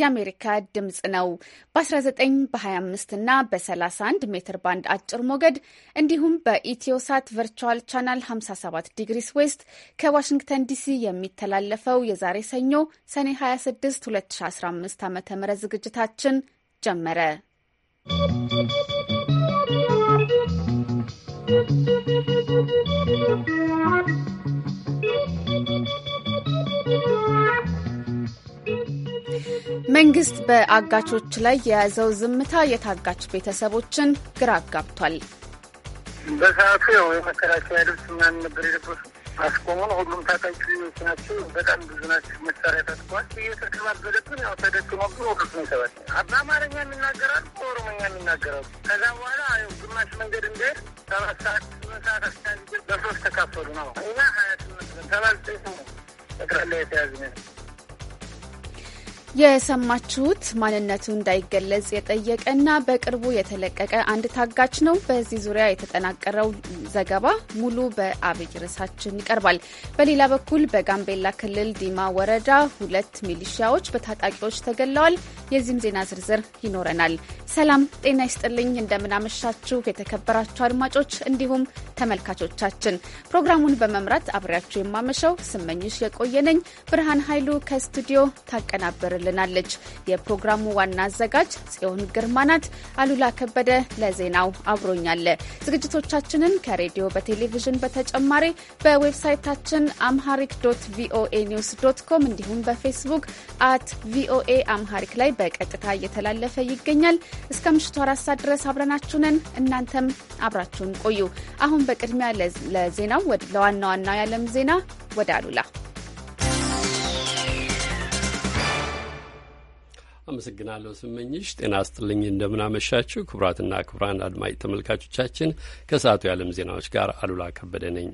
የአሜሪካ ድምፅ ነው። በ19 በ25 እና በ31 ሜትር ባንድ አጭር ሞገድ እንዲሁም በኢትዮሳት ቨርቹዋል ቻናል 57 ዲግሪስ ዌስት ከዋሽንግተን ዲሲ የሚተላለፈው የዛሬ ሰኞ ሰኔ 26 2015 ዓ ም ዝግጅታችን ጀመረ። ¶¶ መንግስት በአጋቾች ላይ የያዘው ዝምታ የታጋች ቤተሰቦችን ግራ አጋብቷል። በሰዓቱ ያው የመከላከያ ልብስ ምናምን ነበር የለበሱ አስቆሙን። ሁሉም ታጣቂ ናቸው፣ በጣም ብዙ ናቸው። መሳሪያ ታጥቋል። እየተከባበለብን ያው ተደቅኖብን ወቅት ነው ይሰባል። በአማርኛ የሚናገራሉ፣ በኦሮሞኛ የሚናገራሉ። ከዛ በኋላ ግማሽ መንገድ እንደሄድ ሰባት ሰዓት ስምንት ሰዓት አስታ በሶስት ተካፈሉ ነው እኛ ሀያ ስምንት ሰባት ጠቅላላ የተያዝነ የሰማችሁት ማንነቱ እንዳይገለጽ የጠየቀና በቅርቡ የተለቀቀ አንድ ታጋች ነው። በዚህ ዙሪያ የተጠናቀረው ዘገባ ሙሉ በአብይ ርዕሳችን ይቀርባል። በሌላ በኩል በጋምቤላ ክልል ዲማ ወረዳ ሁለት ሚሊሺያዎች በታጣቂዎች ተገለዋል። የዚህም ዜና ዝርዝር ይኖረናል። ሰላም ጤና ይስጥልኝ። እንደምናመሻችሁ የተከበራችሁ አድማጮች እንዲሁም ተመልካቾቻችን ፕሮግራሙን በመምራት አብሬያችሁ የማመሸው ስመኝሽ የቆየነኝ ብርሃን ኃይሉ ከስቱዲዮ ታቀናበርል ታቀርብልናለች። የፕሮግራሙ ዋና አዘጋጅ ጽዮን ግርማ ናት። አሉላ ከበደ ለዜናው አብሮኛለ። ዝግጅቶቻችንን ከሬዲዮ በቴሌቪዥን በተጨማሪ በዌብሳይታችን አምሃሪክ ዶት ቪኦኤ ኒውስ ዶት ኮም እንዲሁም በፌስቡክ አት ቪኦኤ አምሃሪክ ላይ በቀጥታ እየተላለፈ ይገኛል። እስከ ምሽቱ አራት ሰዓት ድረስ አብረናችሁ እናንተም አብራችሁን ቆዩ። አሁን በቅድሚያ ለዜናው ለዋና ዋና የዓለም ዜና ወደ አሉላ አመሰግናለሁ ስመኝሽ። ጤና ስጥልኝ እንደምናመሻችው ክቡራትና ክቡራን አድማጭ ተመልካቾቻችን ከሰዓቱ የዓለም ዜናዎች ጋር አሉላ ከበደ ነኝ።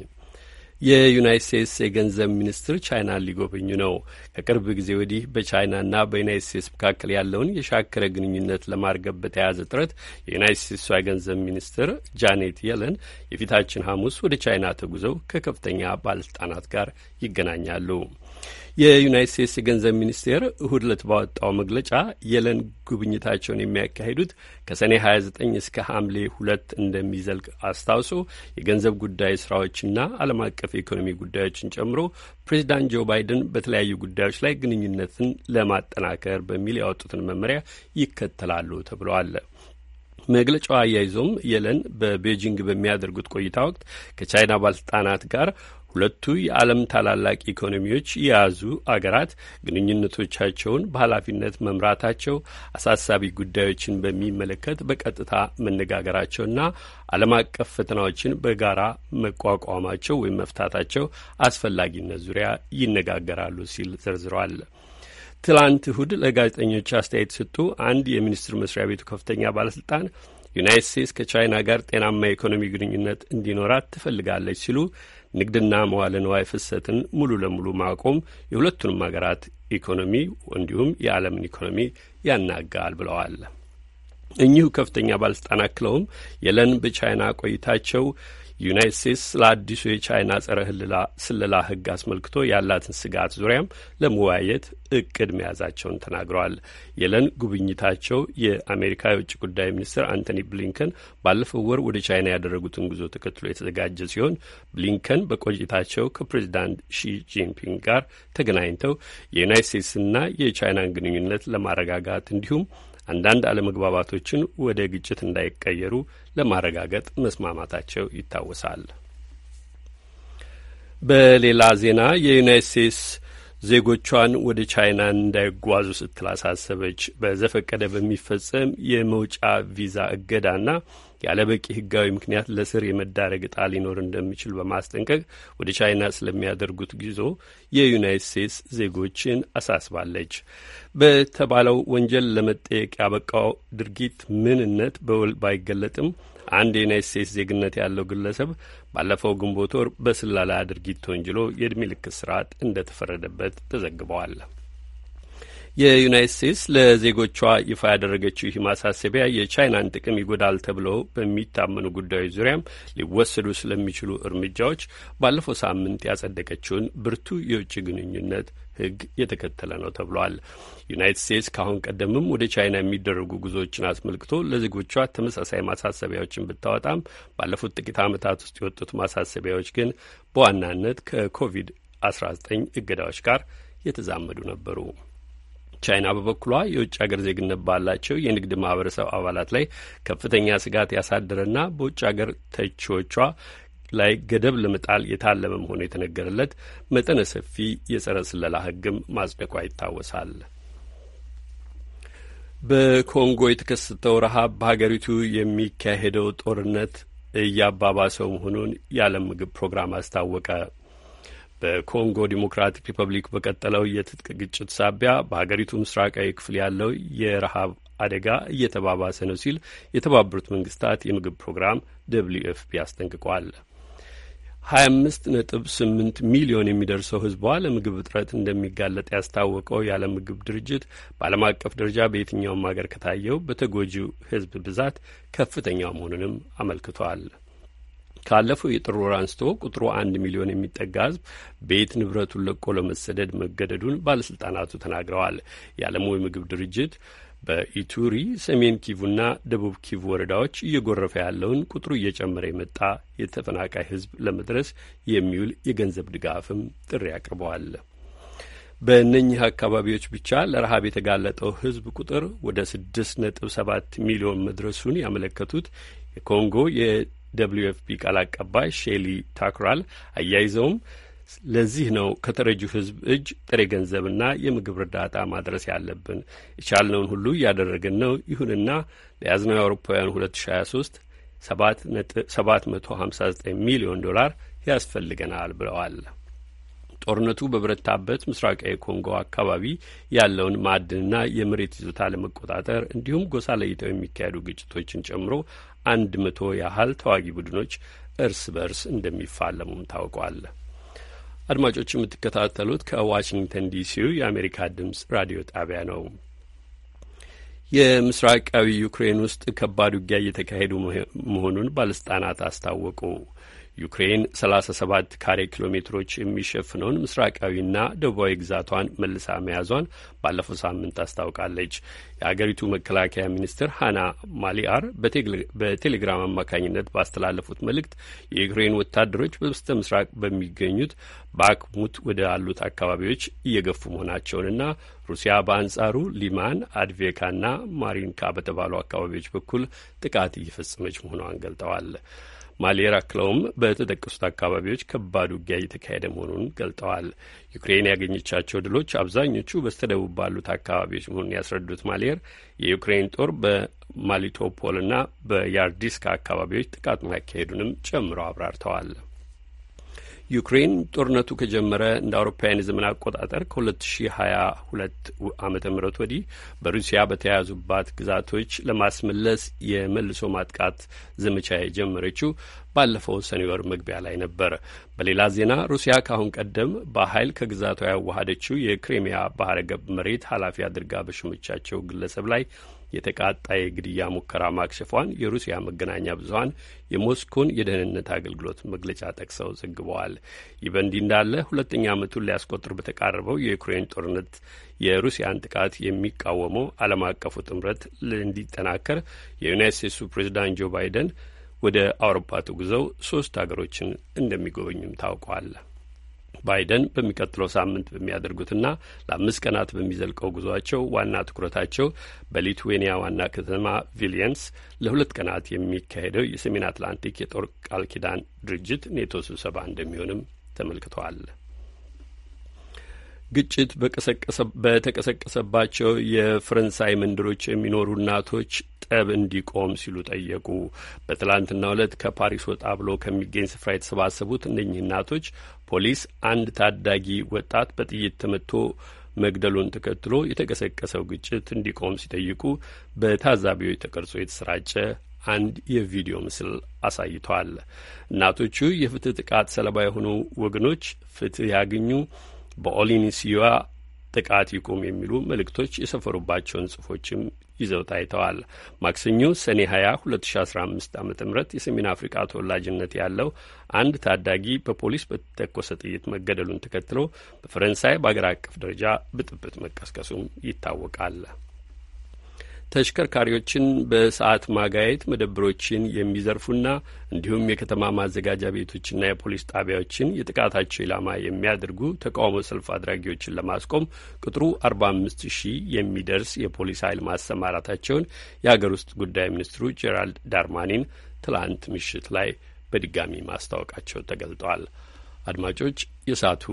የዩናይት ስቴትስ የገንዘብ ሚኒስትር ቻይናን ሊጎበኙ ነው። ከቅርብ ጊዜ ወዲህ በቻይናና በዩናይት ስቴትስ መካከል ያለውን የሻከረ ግንኙነት ለማርገብ በተያያዘ ጥረት የዩናይት ስቴትሷ የገንዘብ ሚኒስትር ጃኔት የለን የፊታችን ሐሙስ ወደ ቻይና ተጉዘው ከከፍተኛ ባለስልጣናት ጋር ይገናኛሉ። የዩናይት ስቴትስ የገንዘብ ሚኒስቴር እሁድ ዕለት ባወጣው መግለጫ የለን ጉብኝታቸውን የሚያካሂዱት ከሰኔ 29 እስከ ሐምሌ ሁለት እንደሚዘልቅ አስታውሶ የገንዘብ ጉዳይ ስራዎችና ዓለም አቀፍ የኢኮኖሚ ጉዳዮችን ጨምሮ ፕሬዚዳንት ጆ ባይደን በተለያዩ ጉዳዮች ላይ ግንኙነትን ለማጠናከር በሚል ያወጡትን መመሪያ ይከተላሉ ተብለዋል። መግለጫው አያይዞም የለን በቤጂንግ በሚያደርጉት ቆይታ ወቅት ከቻይና ባለስልጣናት ጋር ሁለቱ የዓለም ታላላቅ ኢኮኖሚዎች የያዙ አገራት ግንኙነቶቻቸውን በኃላፊነት መምራታቸው አሳሳቢ ጉዳዮችን በሚመለከት በቀጥታ መነጋገራቸውና ዓለም አቀፍ ፈተናዎችን በጋራ መቋቋማቸው ወይም መፍታታቸው አስፈላጊነት ዙሪያ ይነጋገራሉ ሲል ዘርዝሯል። ትላንት እሁድ ለጋዜጠኞች አስተያየት ሰጡ አንድ የሚኒስቴር መስሪያ ቤቱ ከፍተኛ ባለስልጣን ዩናይት ስቴትስ ከቻይና ጋር ጤናማ የኢኮኖሚ ግንኙነት እንዲኖራት ትፈልጋለች ሲሉ ንግድና መዋለ ንዋይ ፍሰትን ሙሉ ለሙሉ ማቆም የሁለቱንም ሀገራት ኢኮኖሚ እንዲሁም የዓለምን ኢኮኖሚ ያናጋል ብለዋል። እኚሁ ከፍተኛ ባለስልጣን አክለውም የለን በቻይና ቆይታቸው ዩናይት ስቴትስ ለአዲሱ የቻይና ጸረ ስለላ ህግ አስመልክቶ ያላትን ስጋት ዙሪያም ለመወያየት እቅድ መያዛቸውን ተናግረዋል። የለን ጉብኝታቸው የአሜሪካ የውጭ ጉዳይ ሚኒስትር አንቶኒ ብሊንከን ባለፈው ወር ወደ ቻይና ያደረጉትን ጉዞ ተከትሎ የተዘጋጀ ሲሆን ብሊንከን በቆይታቸው ከፕሬዚዳንት ሺ ጂንፒንግ ጋር ተገናኝተው የዩናይት ስቴትስና የቻይናን ግንኙነት ለማረጋጋት እንዲሁም አንዳንድ አለመግባባቶችን ወደ ግጭት እንዳይቀየሩ ለማረጋገጥ መስማማታቸው ይታወሳል። በሌላ ዜና የዩናይት ስቴትስ ዜጎቿን ወደ ቻይና እንዳይጓዙ ስትል አሳሰበች። በዘፈቀደ በሚፈጸም የመውጫ ቪዛ እገዳና ያለ በቂ ህጋዊ ምክንያት ለስር የመዳረግ እጣ ሊኖር እንደሚችል በማስጠንቀቅ ወደ ቻይና ስለሚያደርጉት ጉዞ የዩናይት ስቴትስ ዜጎችን አሳስባለች። በተባለው ወንጀል ለመጠየቅ ያበቃው ድርጊት ምንነት በውል ባይገለጥም አንድ የዩናይት ስቴትስ ዜግነት ያለው ግለሰብ ባለፈው ግንቦት ወር በስለላ ድርጊት ተወንጅሎ የእድሜ ልክ እስራት እንደተፈረደበት ተዘግበዋል። የዩናይት ስቴትስ ለዜጎቿ ይፋ ያደረገችው ይህ ማሳሰቢያ የቻይናን ጥቅም ይጎዳል ተብለው በሚታመኑ ጉዳዮች ዙሪያም ሊወሰዱ ስለሚችሉ እርምጃዎች ባለፈው ሳምንት ያጸደቀችውን ብርቱ የውጭ ግንኙነት ሕግ የተከተለ ነው ተብሏል። ዩናይት ስቴትስ ከአሁን ቀደምም ወደ ቻይና የሚደረጉ ጉዞዎችን አስመልክቶ ለዜጎቿ ተመሳሳይ ማሳሰቢያዎችን ብታወጣም ባለፉት ጥቂት ዓመታት ውስጥ የወጡት ማሳሰቢያዎች ግን በዋናነት ከኮቪድ-19 እገዳዎች ጋር የተዛመዱ ነበሩ። ቻይና በበኩሏ የውጭ ሀገር ዜግነት ባላቸው የንግድ ማህበረሰብ አባላት ላይ ከፍተኛ ስጋት ያሳደረና በውጭ ሀገር ተቺዎቿ ላይ ገደብ ለመጣል የታለመ መሆኑ የተነገረለት መጠነ ሰፊ የጸረ ስለላ ህግም ማጽደቋ ይታወሳል። በኮንጎ የተከሰተው ረሃብ በሀገሪቱ የሚካሄደው ጦርነት እያባባሰው መሆኑን የዓለም ምግብ ፕሮግራም አስታወቀ። በኮንጎ ዲሞክራቲክ ሪፐብሊክ በቀጠለው የትጥቅ ግጭት ሳቢያ በሀገሪቱ ምስራቃዊ ክፍል ያለው የረሃብ አደጋ እየተባባሰ ነው ሲል የተባበሩት መንግስታት የምግብ ፕሮግራም ደብልዩ ኤፍፒ አስጠንቅቋል። አምስት ነጥብ 8 ሚሊዮን የሚደርሰው ህዝቧ ለምግብ እጥረት እንደሚጋለጥ ያስታወቀው የዓለም ምግብ ድርጅት በዓለም አቀፍ ደረጃ በየትኛውም ሀገር ከታየው በተጎጂው ህዝብ ብዛት ከፍተኛው መሆኑንም አመልክቷል። ካለፈው የጥር ወር አንስቶ ቁጥሩ አንድ ሚሊዮን የሚጠጋ ሕዝብ ቤት ንብረቱን ለቆ ለመሰደድ መገደዱን ባለስልጣናቱ ተናግረዋል። የዓለሙ የምግብ ድርጅት በኢቱሪ ሰሜን ኪቩና ደቡብ ኪቩ ወረዳዎች እየጎረፈ ያለውን ቁጥሩ እየጨመረ የመጣ የተፈናቃይ ህዝብ ለመድረስ የሚውል የገንዘብ ድጋፍም ጥሪ አቅርበዋል። በእነኚህ አካባቢዎች ብቻ ለረሃብ የተጋለጠው ህዝብ ቁጥር ወደ ስድስት ነጥብ ሰባት ሚሊዮን መድረሱን ያመለከቱት የኮንጎ ደብልዩ ኤፍ ፒ ቃል አቀባይ ሼሊ ታክራል አያይዘውም ለዚህ ነው ከተረጂው ህዝብ እጅ ጥሬ ገንዘብና የምግብ እርዳታ ማድረስ ያለብን። የቻልነውን ሁሉ እያደረግን ነው። ይሁንና ለያዝነው የአውሮፓውያኑ 2023 759 ሚሊዮን ዶላር ያስፈልገናል ብለዋል። ጦርነቱ በበረታበት ምስራቃዊ ኮንጎ አካባቢ ያለውን ማዕድንና የመሬት ይዞታ ለመቆጣጠር እንዲሁም ጎሳ ለይተው የሚካሄዱ ግጭቶችን ጨምሮ አንድ መቶ ያህል ተዋጊ ቡድኖች እርስ በርስ እንደሚፋለሙም ታውቋል። አድማጮች የምትከታተሉት ከዋሽንግተን ዲሲው የአሜሪካ ድምጽ ራዲዮ ጣቢያ ነው። የምስራቃዊ ዩክሬን ውስጥ ከባድ ውጊያ እየተካሄዱ መሆኑን ባለስልጣናት አስታወቁ። ዩክሬን 37 ካሬ ኪሎ ሜትሮች የሚሸፍነውን ምስራቃዊና ደቡባዊ ግዛቷን መልሳ መያዟን ባለፈው ሳምንት አስታውቃለች። የአገሪቱ መከላከያ ሚኒስትር ሃና ማሊአር በቴሌግራም አማካኝነት ባስተላለፉት መልእክት የዩክሬን ወታደሮች በስተ ምስራቅ በሚገኙት ባክሙት ወደ ያሉት አካባቢዎች እየገፉ መሆናቸውንና ሩሲያ በአንጻሩ ሊማን አድቬካና ማሪንካ በተባሉ አካባቢዎች በኩል ጥቃት እየፈጸመች መሆኗን ገልጠዋል። ማሌር አክለውም በተጠቀሱት አካባቢዎች ከባድ ውጊያ እየተካሄደ መሆኑን ገልጠዋል። ዩክሬን ያገኘቻቸው ድሎች አብዛኞቹ በስተደቡብ ባሉት አካባቢዎች መሆኑን ያስረዱት ማሌር የዩክሬን ጦር በማሊቶፖልና በያርዲስካ አካባቢዎች ጥቃት ማካሄዱንም ጨምረው አብራርተዋል። ዩክሬን ጦርነቱ ከጀመረ እንደ አውሮፓውያን የዘመን አቆጣጠር ከ2022 ዓ ም ወዲህ በሩሲያ በተያያዙባት ግዛቶች ለማስመለስ የመልሶ ማጥቃት ዘመቻ የጀመረችው ባለፈው ሰኔ ወር መግቢያ ላይ ነበር። በሌላ ዜና ሩሲያ ካሁን ቀደም በኃይል ከግዛቷ ያዋሃደችው የክሪሚያ ባህረ ገብ መሬት ኃላፊ አድርጋ በሾመቻቸው ግለሰብ ላይ የተቃጣ የግድያ ሙከራ ማክሸፏን የሩሲያ መገናኛ ብዙኃን የሞስኮን የደህንነት አገልግሎት መግለጫ ጠቅሰው ዘግበዋል። ይህ በእንዲህ እንዳለ ሁለተኛ ዓመቱን ሊያስቆጥር በተቃረበው የዩክሬን ጦርነት የሩሲያን ጥቃት የሚቃወመው ዓለም አቀፉ ጥምረት እንዲጠናከር የዩናይት ስቴትሱ ፕሬዚዳንት ጆ ባይደን ወደ አውሮፓ ተጉዘው ሶስት ሀገሮችን እንደሚጎበኙም ታውቋል። ባይደን በሚቀጥለው ሳምንት በሚያደርጉትና ለአምስት ቀናት በሚዘልቀው ጉዟቸው ዋና ትኩረታቸው በሊትዌኒያ ዋና ከተማ ቪሊየንስ ለሁለት ቀናት የሚካሄደው የሰሜን አትላንቲክ የጦር ቃል ኪዳን ድርጅት ኔቶ ስብሰባ እንደሚሆንም ተመልክተዋል። ግጭት በተቀሰቀሰባቸው የፈረንሳይ መንደሮች የሚኖሩ እናቶች ጠብ እንዲቆም ሲሉ ጠየቁ። በትላንትና ዕለት ከፓሪስ ወጣ ብሎ ከሚገኝ ስፍራ የተሰባሰቡት እነኚህ እናቶች ፖሊስ አንድ ታዳጊ ወጣት በጥይት ተመቶ መግደሉን ተከትሎ የተቀሰቀሰው ግጭት እንዲቆም ሲጠይቁ በታዛቢዎች ተቀርጾ የተሰራጨ አንድ የቪዲዮ ምስል አሳይቷል። እናቶቹ የፍትህ ጥቃት ሰለባ የሆኑ ወገኖች ፍትህ ያገኙ በኦሊኒሲዋ ጥቃት ይቁም የሚሉ መልእክቶች የሰፈሩባቸውን ጽሁፎችም ይዘው ታይተዋል። ማክሰኞ ሰኔ 20 2015 ዓ ም የሰሜን አፍሪካ ተወላጅነት ያለው አንድ ታዳጊ በፖሊስ በተተኮሰ ጥይት መገደሉን ተከትሎ በፈረንሳይ በአገር አቀፍ ደረጃ ብጥብጥ መቀስቀሱም ይታወቃል። ተሽከርካሪዎችን በሰዓት ማጋየት መደብሮችን የሚዘርፉና እንዲሁም የከተማ ማዘጋጃ ቤቶችና የፖሊስ ጣቢያዎችን የጥቃታቸው ኢላማ የሚያደርጉ ተቃውሞ ሰልፍ አድራጊዎችን ለማስቆም ቁጥሩ አርባ አምስት ሺህ የሚደርስ የፖሊስ ኃይል ማሰማራታቸውን የሀገር ውስጥ ጉዳይ ሚኒስትሩ ጄራልድ ዳርማኒን ትላንት ምሽት ላይ በድጋሚ ማስታወቃቸው ተገልጠዋል። አድማጮች የሰዓቱ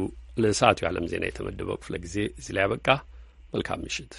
ለሰዓቱ የዓለም ዜና የተመደበው ክፍለ ጊዜ እዚህ ላይ ያበቃ። መልካም ምሽት።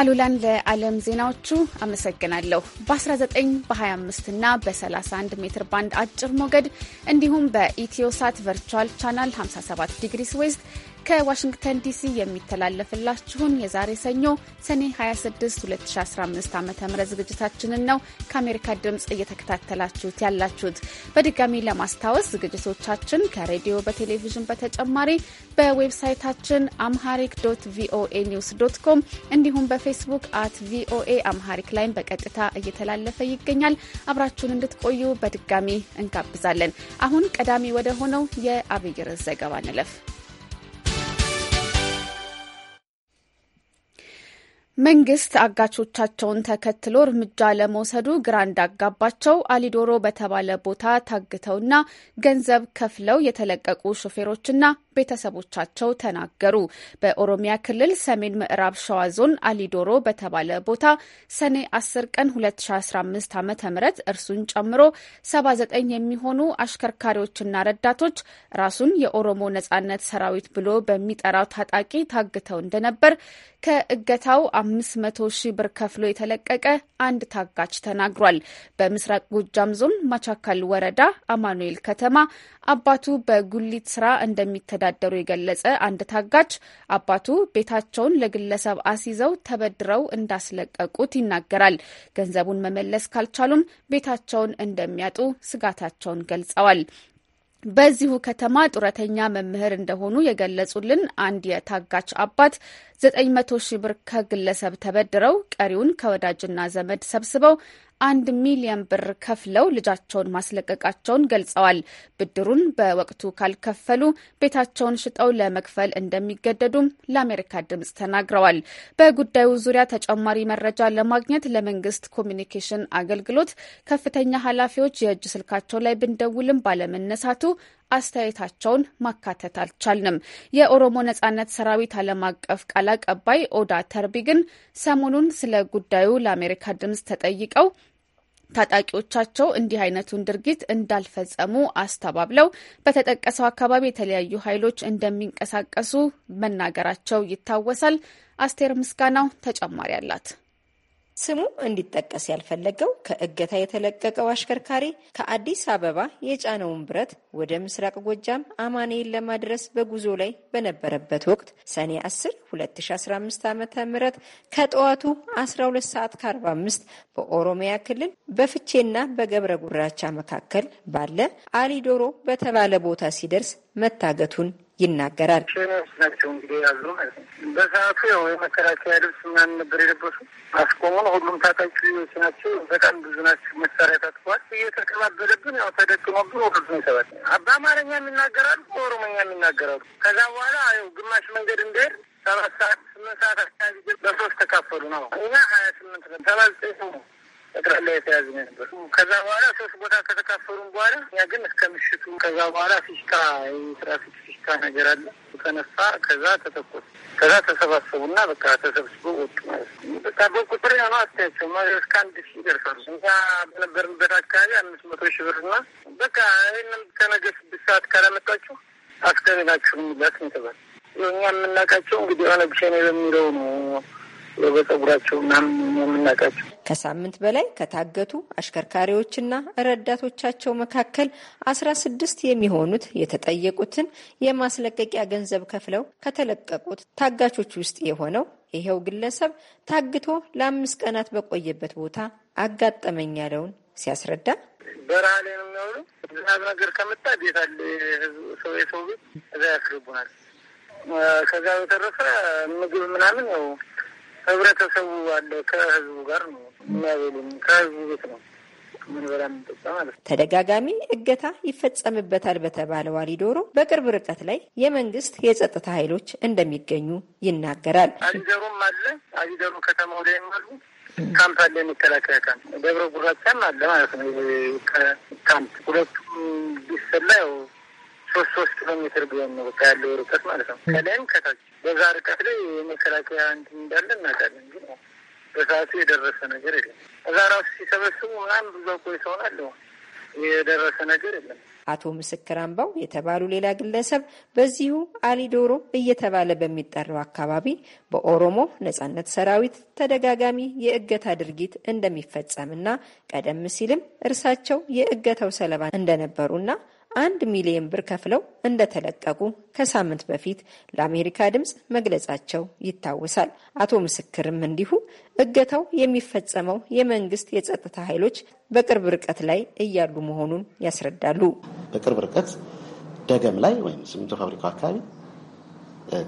አሉላን ለዓለም ዜናዎቹ አመሰግናለሁ። በ19 በ25 እና በ31 ሜትር ባንድ አጭር ሞገድ እንዲሁም በኢትዮሳት ቨርቹዋል ቻናል 57 ዲግሪስ ዌስት ከዋሽንግተን ዲሲ የሚተላለፍላችሁን የዛሬ ሰኞ ሰኔ 26 2015 ዓ ም ዝግጅታችንን ነው ከአሜሪካ ድምፅ እየተከታተላችሁት ያላችሁት። በድጋሚ ለማስታወስ ዝግጅቶቻችን ከሬዲዮ በቴሌቪዥን በተጨማሪ በዌብሳይታችን አምሃሪክ ዶት ቪኦኤ ኒውስ ዶት ኮም እንዲሁም በፌስቡክ አት ቪኦኤ አምሃሪክ ላይም በቀጥታ እየተላለፈ ይገኛል። አብራችሁን እንድትቆዩ በድጋሚ እንጋብዛለን። አሁን ቀዳሚ ወደ ሆነው የአብይ ርዕስ ዘገባ እንለፍ። መንግስት አጋቾቻቸውን ተከትሎ እርምጃ ለመውሰዱ ግራ እንዳጋባቸው አሊዶሮ በተባለ ቦታ ታግተውና ገንዘብ ከፍለው የተለቀቁ ሾፌሮችና ቤተሰቦቻቸው ተናገሩ። በኦሮሚያ ክልል ሰሜን ምዕራብ ሸዋ ዞን አሊዶሮ በተባለ ቦታ ሰኔ 10 ቀን 2015 ዓ ም እርሱን ጨምሮ 79 የሚሆኑ አሽከርካሪዎችና ረዳቶች ራሱን የኦሮሞ ነጻነት ሰራዊት ብሎ በሚጠራው ታጣቂ ታግተው እንደነበር ከእገታው 500 ሺህ ብር ከፍሎ የተለቀቀ አንድ ታጋች ተናግሯል። በምስራቅ ጎጃም ዞን ማቻካል ወረዳ አማኑኤል ከተማ አባቱ በጉሊት ስራ እንደሚተዳደሩ የገለጸ አንድ ታጋች አባቱ ቤታቸውን ለግለሰብ አስይዘው ተበድረው እንዳስለቀቁት ይናገራል። ገንዘቡን መመለስ ካልቻሉም ቤታቸውን እንደሚያጡ ስጋታቸውን ገልጸዋል። በዚሁ ከተማ ጡረተኛ መምህር እንደሆኑ የገለጹልን አንድ የታጋች አባት ዘጠኝ መቶ ሺህ ብር ከግለሰብ ተበድረው ቀሪውን ከወዳጅና ዘመድ ሰብስበው አንድ ሚሊየን ብር ከፍለው ልጃቸውን ማስለቀቃቸውን ገልጸዋል። ብድሩን በወቅቱ ካልከፈሉ ቤታቸውን ሽጠው ለመክፈል እንደሚገደዱም ለአሜሪካ ድምጽ ተናግረዋል። በጉዳዩ ዙሪያ ተጨማሪ መረጃ ለማግኘት ለመንግስት ኮሚኒኬሽን አገልግሎት ከፍተኛ ኃላፊዎች የእጅ ስልካቸው ላይ ብንደውልም ባለመነሳቱ አስተያየታቸውን ማካተት አልቻልንም። የኦሮሞ ነጻነት ሰራዊት ዓለም አቀፍ ቃል አቀባይ ኦዳ ተርቢ ግን ሰሞኑን ስለ ጉዳዩ ለአሜሪካ ድምጽ ተጠይቀው ታጣቂዎቻቸው እንዲህ አይነቱን ድርጊት እንዳልፈጸሙ አስተባብለው በተጠቀሰው አካባቢ የተለያዩ ኃይሎች እንደሚንቀሳቀሱ መናገራቸው ይታወሳል። አስቴር ምስጋናው ተጨማሪ አላት። ስሙ እንዲጠቀስ ያልፈለገው ከእገታ የተለቀቀው አሽከርካሪ ከአዲስ አበባ የጫነውን ብረት ወደ ምስራቅ ጎጃም አማኔን ለማድረስ በጉዞ ላይ በነበረበት ወቅት ሰኔ 10 2015 ዓ ም ከጠዋቱ 12 ሰዓት ከ45 በኦሮሚያ ክልል በፍቼና በገብረ ጉራቻ መካከል ባለ አሊዶሮ በተባለ ቦታ ሲደርስ መታገቱን ይናገራል። ናቸው እንግዲህ ያሉ በሰዓቱ ያው የመከላከያ ልብስ ምናምን ነበር የለበሱ አስቆሙን። ሁሉም ታጣቂዎች ናቸው፣ በጣም ብዙ ናቸው። መሳሪያ ታጥቋል። እየተቀባበለብን ያው ተደቅኖብን ወረዱ ይሰባል። በአማርኛ የሚናገራሉ፣ በኦሮሞኛ የሚናገራሉ። ከዛ በኋላ ያው ግማሽ መንገድ እንደሄድ ሰባት ሰዓት ስምንት ሰዓት አካባቢ በሶስት ተካፈሉ ነው እኛ ሀያ ስምንት ሰባት ዘጠኝ ሰው ነው ጠቅላላ የተያዝ ነበር። ከዛ በኋላ ሶስት ቦታ ከተካፈሩም በኋላ እኛ ግን እስከ ምሽቱ ከዛ በኋላ ፊሽካ የትራፊክ ፊሽካ ነገር አለ ተነሳ። ከዛ ተተኮስ ከዛ ተሰባሰቡና በቃ ተሰብስቦ ወጡ ማለት ነው። በቃ በቁጥር ያኑ አታያቸው እስከ አንድ ሺ ይደርሳሉ። እኛ በነበርንበት አካባቢ አምስት መቶ ሺህ ብርና በቃ ይህንም ከነገ ስድስት ሰዓት ካላመጣችሁ አስከሬናችሁን ሚላት ይተባል። እኛ የምናውቃቸው እንግዲህ የሆነ ብሸኔ በሚለው ነው የበጸጉራቸው ምናምን የምናውቃቸው ከሳምንት በላይ ከታገቱ አሽከርካሪዎችና ረዳቶቻቸው መካከል አስራ ስድስት የሚሆኑት የተጠየቁትን የማስለቀቂያ ገንዘብ ከፍለው ከተለቀቁት ታጋቾች ውስጥ የሆነው ይኸው ግለሰብ ታግቶ ለአምስት ቀናት በቆየበት ቦታ አጋጠመኝ ያለውን ሲያስረዳ በረሃ ላይ ነው የሚያውሉ ዝናብ ነገር ከመጣ ቤት አለ ሰው የሰው ቤት እዛ ያስገቡናል። ከዛ በተረፈ ምግብ ምናምን ያው ህብረተሰቡ አለ ከህዝቡ ጋር ነው የሚያበሉም ከህዝቡ ቤት ነው። ተደጋጋሚ እገታ ይፈጸምበታል በተባለ ዋሊዶሮ በቅርብ ርቀት ላይ የመንግስት የጸጥታ ኃይሎች እንደሚገኙ ይናገራል። አሊደሩም አለ አሊደሩ ከተማ ወደ አሉ ካምፕ አለ የሚከላከያ ካምፕ ደብረ ጉራቻም አለ ማለት ነው። ካምፕ ሁለቱም ቢሰላ ያው ሶስት ሶስት ኪሎ ሜትር ቢሆን ነው ያለው ርቀት ማለት ነው። ከላይም ከታች በዛ ርቀት ላይ የመከላከያ እንትን እንዳለ እናውቃለን፣ ግን በሰዓቱ የደረሰ ነገር የለም። እዛ ራሱ ሲሰበስቡ ምናምን ብዙ ሰውን አለ የደረሰ ነገር የለም። አቶ ምስክር አምባው የተባሉ ሌላ ግለሰብ በዚሁ አሊዶሮ እየተባለ በሚጠራው አካባቢ በኦሮሞ ነጻነት ሰራዊት ተደጋጋሚ የእገታ ድርጊት እንደሚፈጸምና ቀደም ሲልም እርሳቸው የእገታው ሰለባ እንደነበሩና አንድ ሚሊዮን ብር ከፍለው እንደተለቀቁ ከሳምንት በፊት ለአሜሪካ ድምፅ መግለጻቸው ይታወሳል። አቶ ምስክርም እንዲሁ እገታው የሚፈጸመው የመንግስት የጸጥታ ኃይሎች በቅርብ ርቀት ላይ እያሉ መሆኑን ያስረዳሉ። በቅርብ ርቀት ደገም ላይ ወይም ሲሚንቶ ፋብሪካው አካባቢ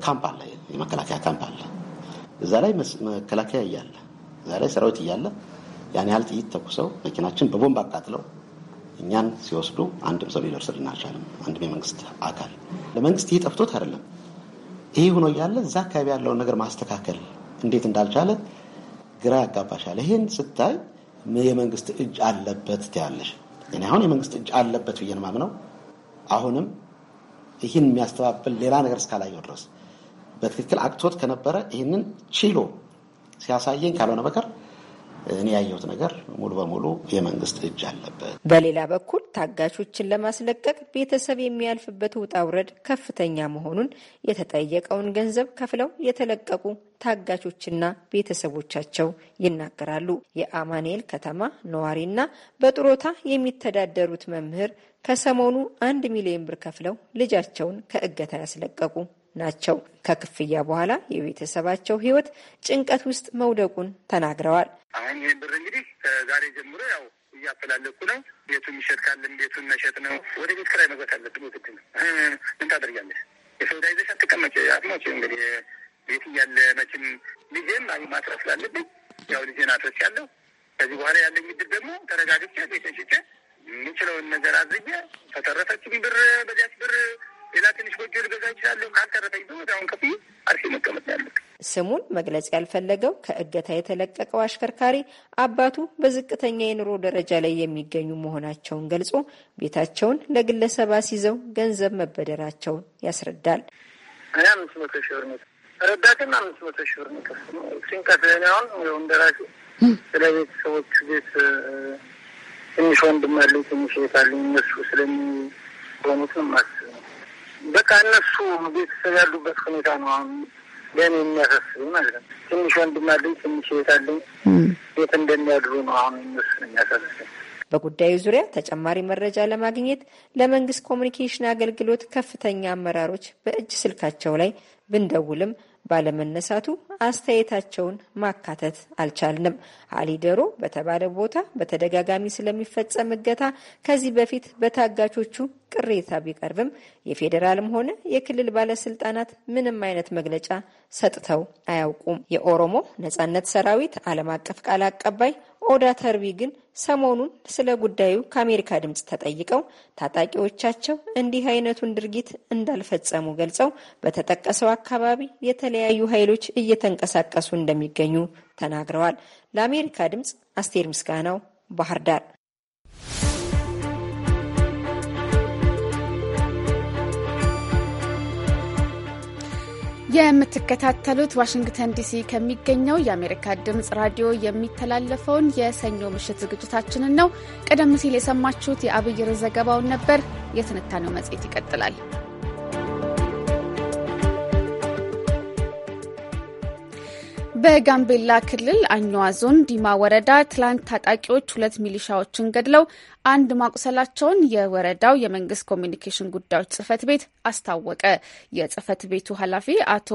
ካምፕ አለ፣ የመከላከያ ካምፕ አለ። እዛ ላይ መከላከያ እያለ እዛ ላይ ሰራዊት እያለ ያን ያህል ጥይት ተኩሰው መኪናችን በቦምብ አቃጥለው እኛን ሲወስዱ አንድም ሰው ሊደርስልን አልቻለም። አንድም የመንግስት አካል ለመንግስት ይህ ጠፍቶት አይደለም። ይህ ሆኖ እያለ እዛ አካባቢ ያለውን ነገር ማስተካከል እንዴት እንዳልቻለ ግራ ያጋባሻል። ይህን ስታይ የመንግስት እጅ አለበት ትያለሽ። እኔ አሁን የመንግስት እጅ አለበት ብዬ ነው የማምነው። አሁንም ይህን የሚያስተባብል ሌላ ነገር እስካላየው ድረስ በትክክል አቅቶት ከነበረ ይህንን ችሎ ሲያሳየኝ ካልሆነ በቀር እኔ ያየሁት ነገር ሙሉ በሙሉ የመንግስት እጅ አለበት። በሌላ በኩል ታጋቾችን ለማስለቀቅ ቤተሰብ የሚያልፍበት ውጣ ውረድ ከፍተኛ መሆኑን የተጠየቀውን ገንዘብ ከፍለው የተለቀቁ ታጋቾችና ቤተሰቦቻቸው ይናገራሉ። የአማኑኤል ከተማ ነዋሪና በጥሮታ የሚተዳደሩት መምህር ከሰሞኑ አንድ ሚሊዮን ብር ከፍለው ልጃቸውን ከእገታ ያስለቀቁ ናቸው። ከክፍያ በኋላ የቤተሰባቸው ህይወት ጭንቀት ውስጥ መውደቁን ተናግረዋል። አሁን ይህን ብር እንግዲህ ከዛሬ ጀምሮ ያው እያፈላለኩ ነው። ቤቱን ይሸጥ ካለን ቤቱን መሸጥ ነው። ወደ ቤት ክራይ መግባት አለብን። ግድ ነው። ምን ታደርጊያለሽ? የሰው ዕዳ ይዘሽ አትቀመጭ። አቅማቸው እንግዲህ ቤት እያለ መቼም ልጄን ማስረፍ ስላለብኝ ያው ልጄን አትረስ ያለው ከዚህ በኋላ ያለኝ ዕድል ደግሞ ተረጋግቼ ቤቴን ሽጬ የምችለውን ነገር አድርጌ ተተረፈችኝ ብር በዚያች ብር ሌላ ትንሽ ጎጆ ልገዛ ይችላለሁ። ካልተረፈኝ ወዲያውኑ ከፍዬ አርፌ መቀመጥ ያለ ስሙን መግለጽ ያልፈለገው ከእገታ የተለቀቀው አሽከርካሪ አባቱ በዝቅተኛ የኑሮ ደረጃ ላይ የሚገኙ መሆናቸውን ገልጾ ቤታቸውን ለግለሰብ አስይዘው ገንዘብ መበደራቸውን ያስረዳል። እኔ አምስት መቶ ሺህ ብር ነው ረዳትም አምስት መቶ ሺህ ብር ነው ሲንቀት ለእኔ አሁን ያው እንደራሴ ስለ ቤተሰቦች ቤት ትንሽ ወንድም አለኝ፣ ትንሽ ቤት አለኝ እነሱ ስለሚሆኑት ነው ማስብ በቃ እነሱ ቤተሰብ ያሉበት ሁኔታ ነው አሁን ለእኔ የሚያሳስብ ማለት ነው። ትንሽ ወንድም አለኝ፣ ትንሽ ቤት አለኝ። ቤት እንደሚያድሩ ነው አሁን እነሱ የሚያሳስብ። በጉዳዩ ዙሪያ ተጨማሪ መረጃ ለማግኘት ለመንግስት ኮሚኒኬሽን አገልግሎት ከፍተኛ አመራሮች በእጅ ስልካቸው ላይ ብንደውልም ባለመነሳቱ አስተያየታቸውን ማካተት አልቻልንም። አሊ ደሮ በተባለ ቦታ በተደጋጋሚ ስለሚፈጸም እገታ ከዚህ በፊት በታጋቾቹ ቅሬታ ቢቀርብም የፌዴራልም ሆነ የክልል ባለስልጣናት ምንም አይነት መግለጫ ሰጥተው አያውቁም። የኦሮሞ ነጻነት ሰራዊት ዓለም አቀፍ ቃል አቀባይ ኦዳ ተርቢ ግን ሰሞኑን ስለ ጉዳዩ ከአሜሪካ ድምፅ ተጠይቀው ታጣቂዎቻቸው እንዲህ አይነቱን ድርጊት እንዳልፈጸሙ ገልጸው በተጠቀሰው አካባቢ የተለያዩ ኃይሎች እየተንቀሳቀሱ እንደሚገኙ ተናግረዋል። ለአሜሪካ ድምፅ አስቴር ምስጋናው ባህር ዳር የምትከታተሉት ዋሽንግተን ዲሲ ከሚገኘው የአሜሪካ ድምፅ ራዲዮ የሚተላለፈውን የሰኞ ምሽት ዝግጅታችንን ነው። ቀደም ሲል የሰማችሁት የአብይር ዘገባውን ነበር። የትንታኔው መጽሔት ይቀጥላል። በጋምቤላ ክልል አኝዋ ዞን ዲማ ወረዳ ትላንት ታጣቂዎች ሁለት ሚሊሻዎችን ገድለው አንድ ማቁሰላቸውን የወረዳው የመንግስት ኮሚኒኬሽን ጉዳዮች ጽህፈት ቤት አስታወቀ። የጽህፈት ቤቱ ኃላፊ አቶ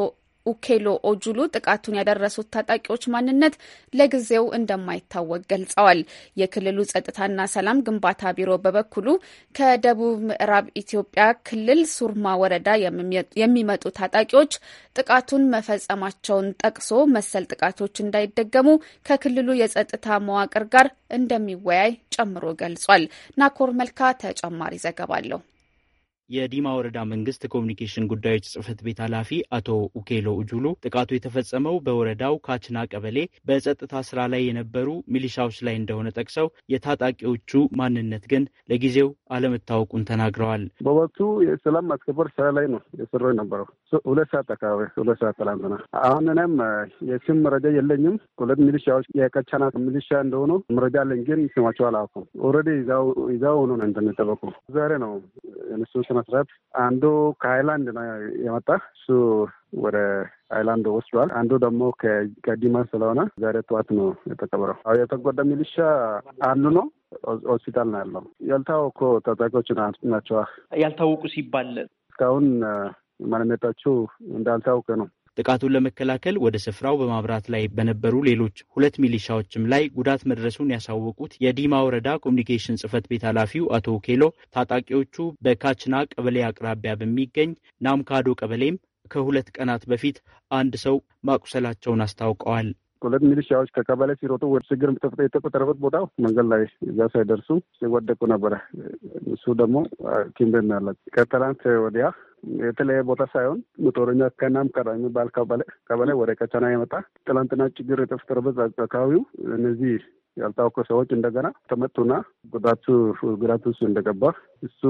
ኡኬሎ ኦጁሉ ጥቃቱን ያደረሱት ታጣቂዎች ማንነት ለጊዜው እንደማይታወቅ ገልጸዋል። የክልሉ ጸጥታና ሰላም ግንባታ ቢሮ በበኩሉ ከደቡብ ምዕራብ ኢትዮጵያ ክልል ሱርማ ወረዳ የሚመጡ ታጣቂዎች ጥቃቱን መፈጸማቸውን ጠቅሶ መሰል ጥቃቶች እንዳይደገሙ ከክልሉ የጸጥታ መዋቅር ጋር እንደሚወያይ ጨምሮ ገልጿል። ናኮር መልካ ተጨማሪ ዘገባ አለው። የዲማ ወረዳ መንግስት ኮሚኒኬሽን ጉዳዮች ጽህፈት ቤት ኃላፊ አቶ ኡኬሎ እጁሉ ጥቃቱ የተፈጸመው በወረዳው ካችና ቀበሌ በጸጥታ ስራ ላይ የነበሩ ሚሊሻዎች ላይ እንደሆነ ጠቅሰው የታጣቂዎቹ ማንነት ግን ለጊዜው አለመታወቁን ተናግረዋል። በወቅቱ የሰላም ማስከበር ስራ ላይ ነው የሰሩ የነበረው ሁለት ሰዓት አካባቢ ሁለት ሰዓት ትላንትና። አሁንንም የስም መረጃ የለኝም። ሁለት ሚሊሻዎች የቀቻና ሚሊሻ እንደሆኑ መረጃ አለኝ፣ ግን ስማቸው አላውቅም። ኦልሬዲ ይዛው ሆኖ ነው እንደሚጠበቁ ዛሬ ነው ለመስራት አንዱ ከሃይላንድ ነው የመጣ እሱ ወደ ሃይላንድ ወስዷል። አንዱ ደግሞ ከዲማ ስለሆነ ዛሬ ጠዋት ነው የተቀበረው። የተጎዳ ሚሊሻ አንዱ ነው ሆስፒታል ነው ያለው። ያልታወቁ ታጣቂዎች ናቸዋ። ያልታወቁ ሲባል እስካሁን ማንነታቸው እንዳልታወቀ ነው። ጥቃቱን ለመከላከል ወደ ስፍራው በማብራት ላይ በነበሩ ሌሎች ሁለት ሚሊሻዎችም ላይ ጉዳት መድረሱን ያሳወቁት የዲማ ወረዳ ኮሚኒኬሽን ጽህፈት ቤት ኃላፊው አቶ ኬሎ ታጣቂዎቹ በካችና ቀበሌ አቅራቢያ በሚገኝ ናምካዶ ቀበሌም ከሁለት ቀናት በፊት አንድ ሰው ማቁሰላቸውን አስታውቀዋል። ሁለት ሚሊሻዎች ከቀበሌ ሲሮጡ ወደ ችግር የተቆጠረበት ቦታው መንገድ ላይ እዛ ሳይደርሱ ሲወደቁ ነበረ። እሱ ደግሞ ኪምቤን ያለ። ከትላንት ወዲያ የተለየ ቦታ ሳይሆን ሞቶረኛ ከናም ከራ የሚባል ቀበሌ ቀበሌ ወደ ቀቻና የመጣ ትላንትና ችግር የተፈጠረበት አካባቢው እነዚህ ያልታወቀ ሰዎች እንደገና ተመቱና ጉዳቱ ጉዳቱ እሱ እንደገባ እሱ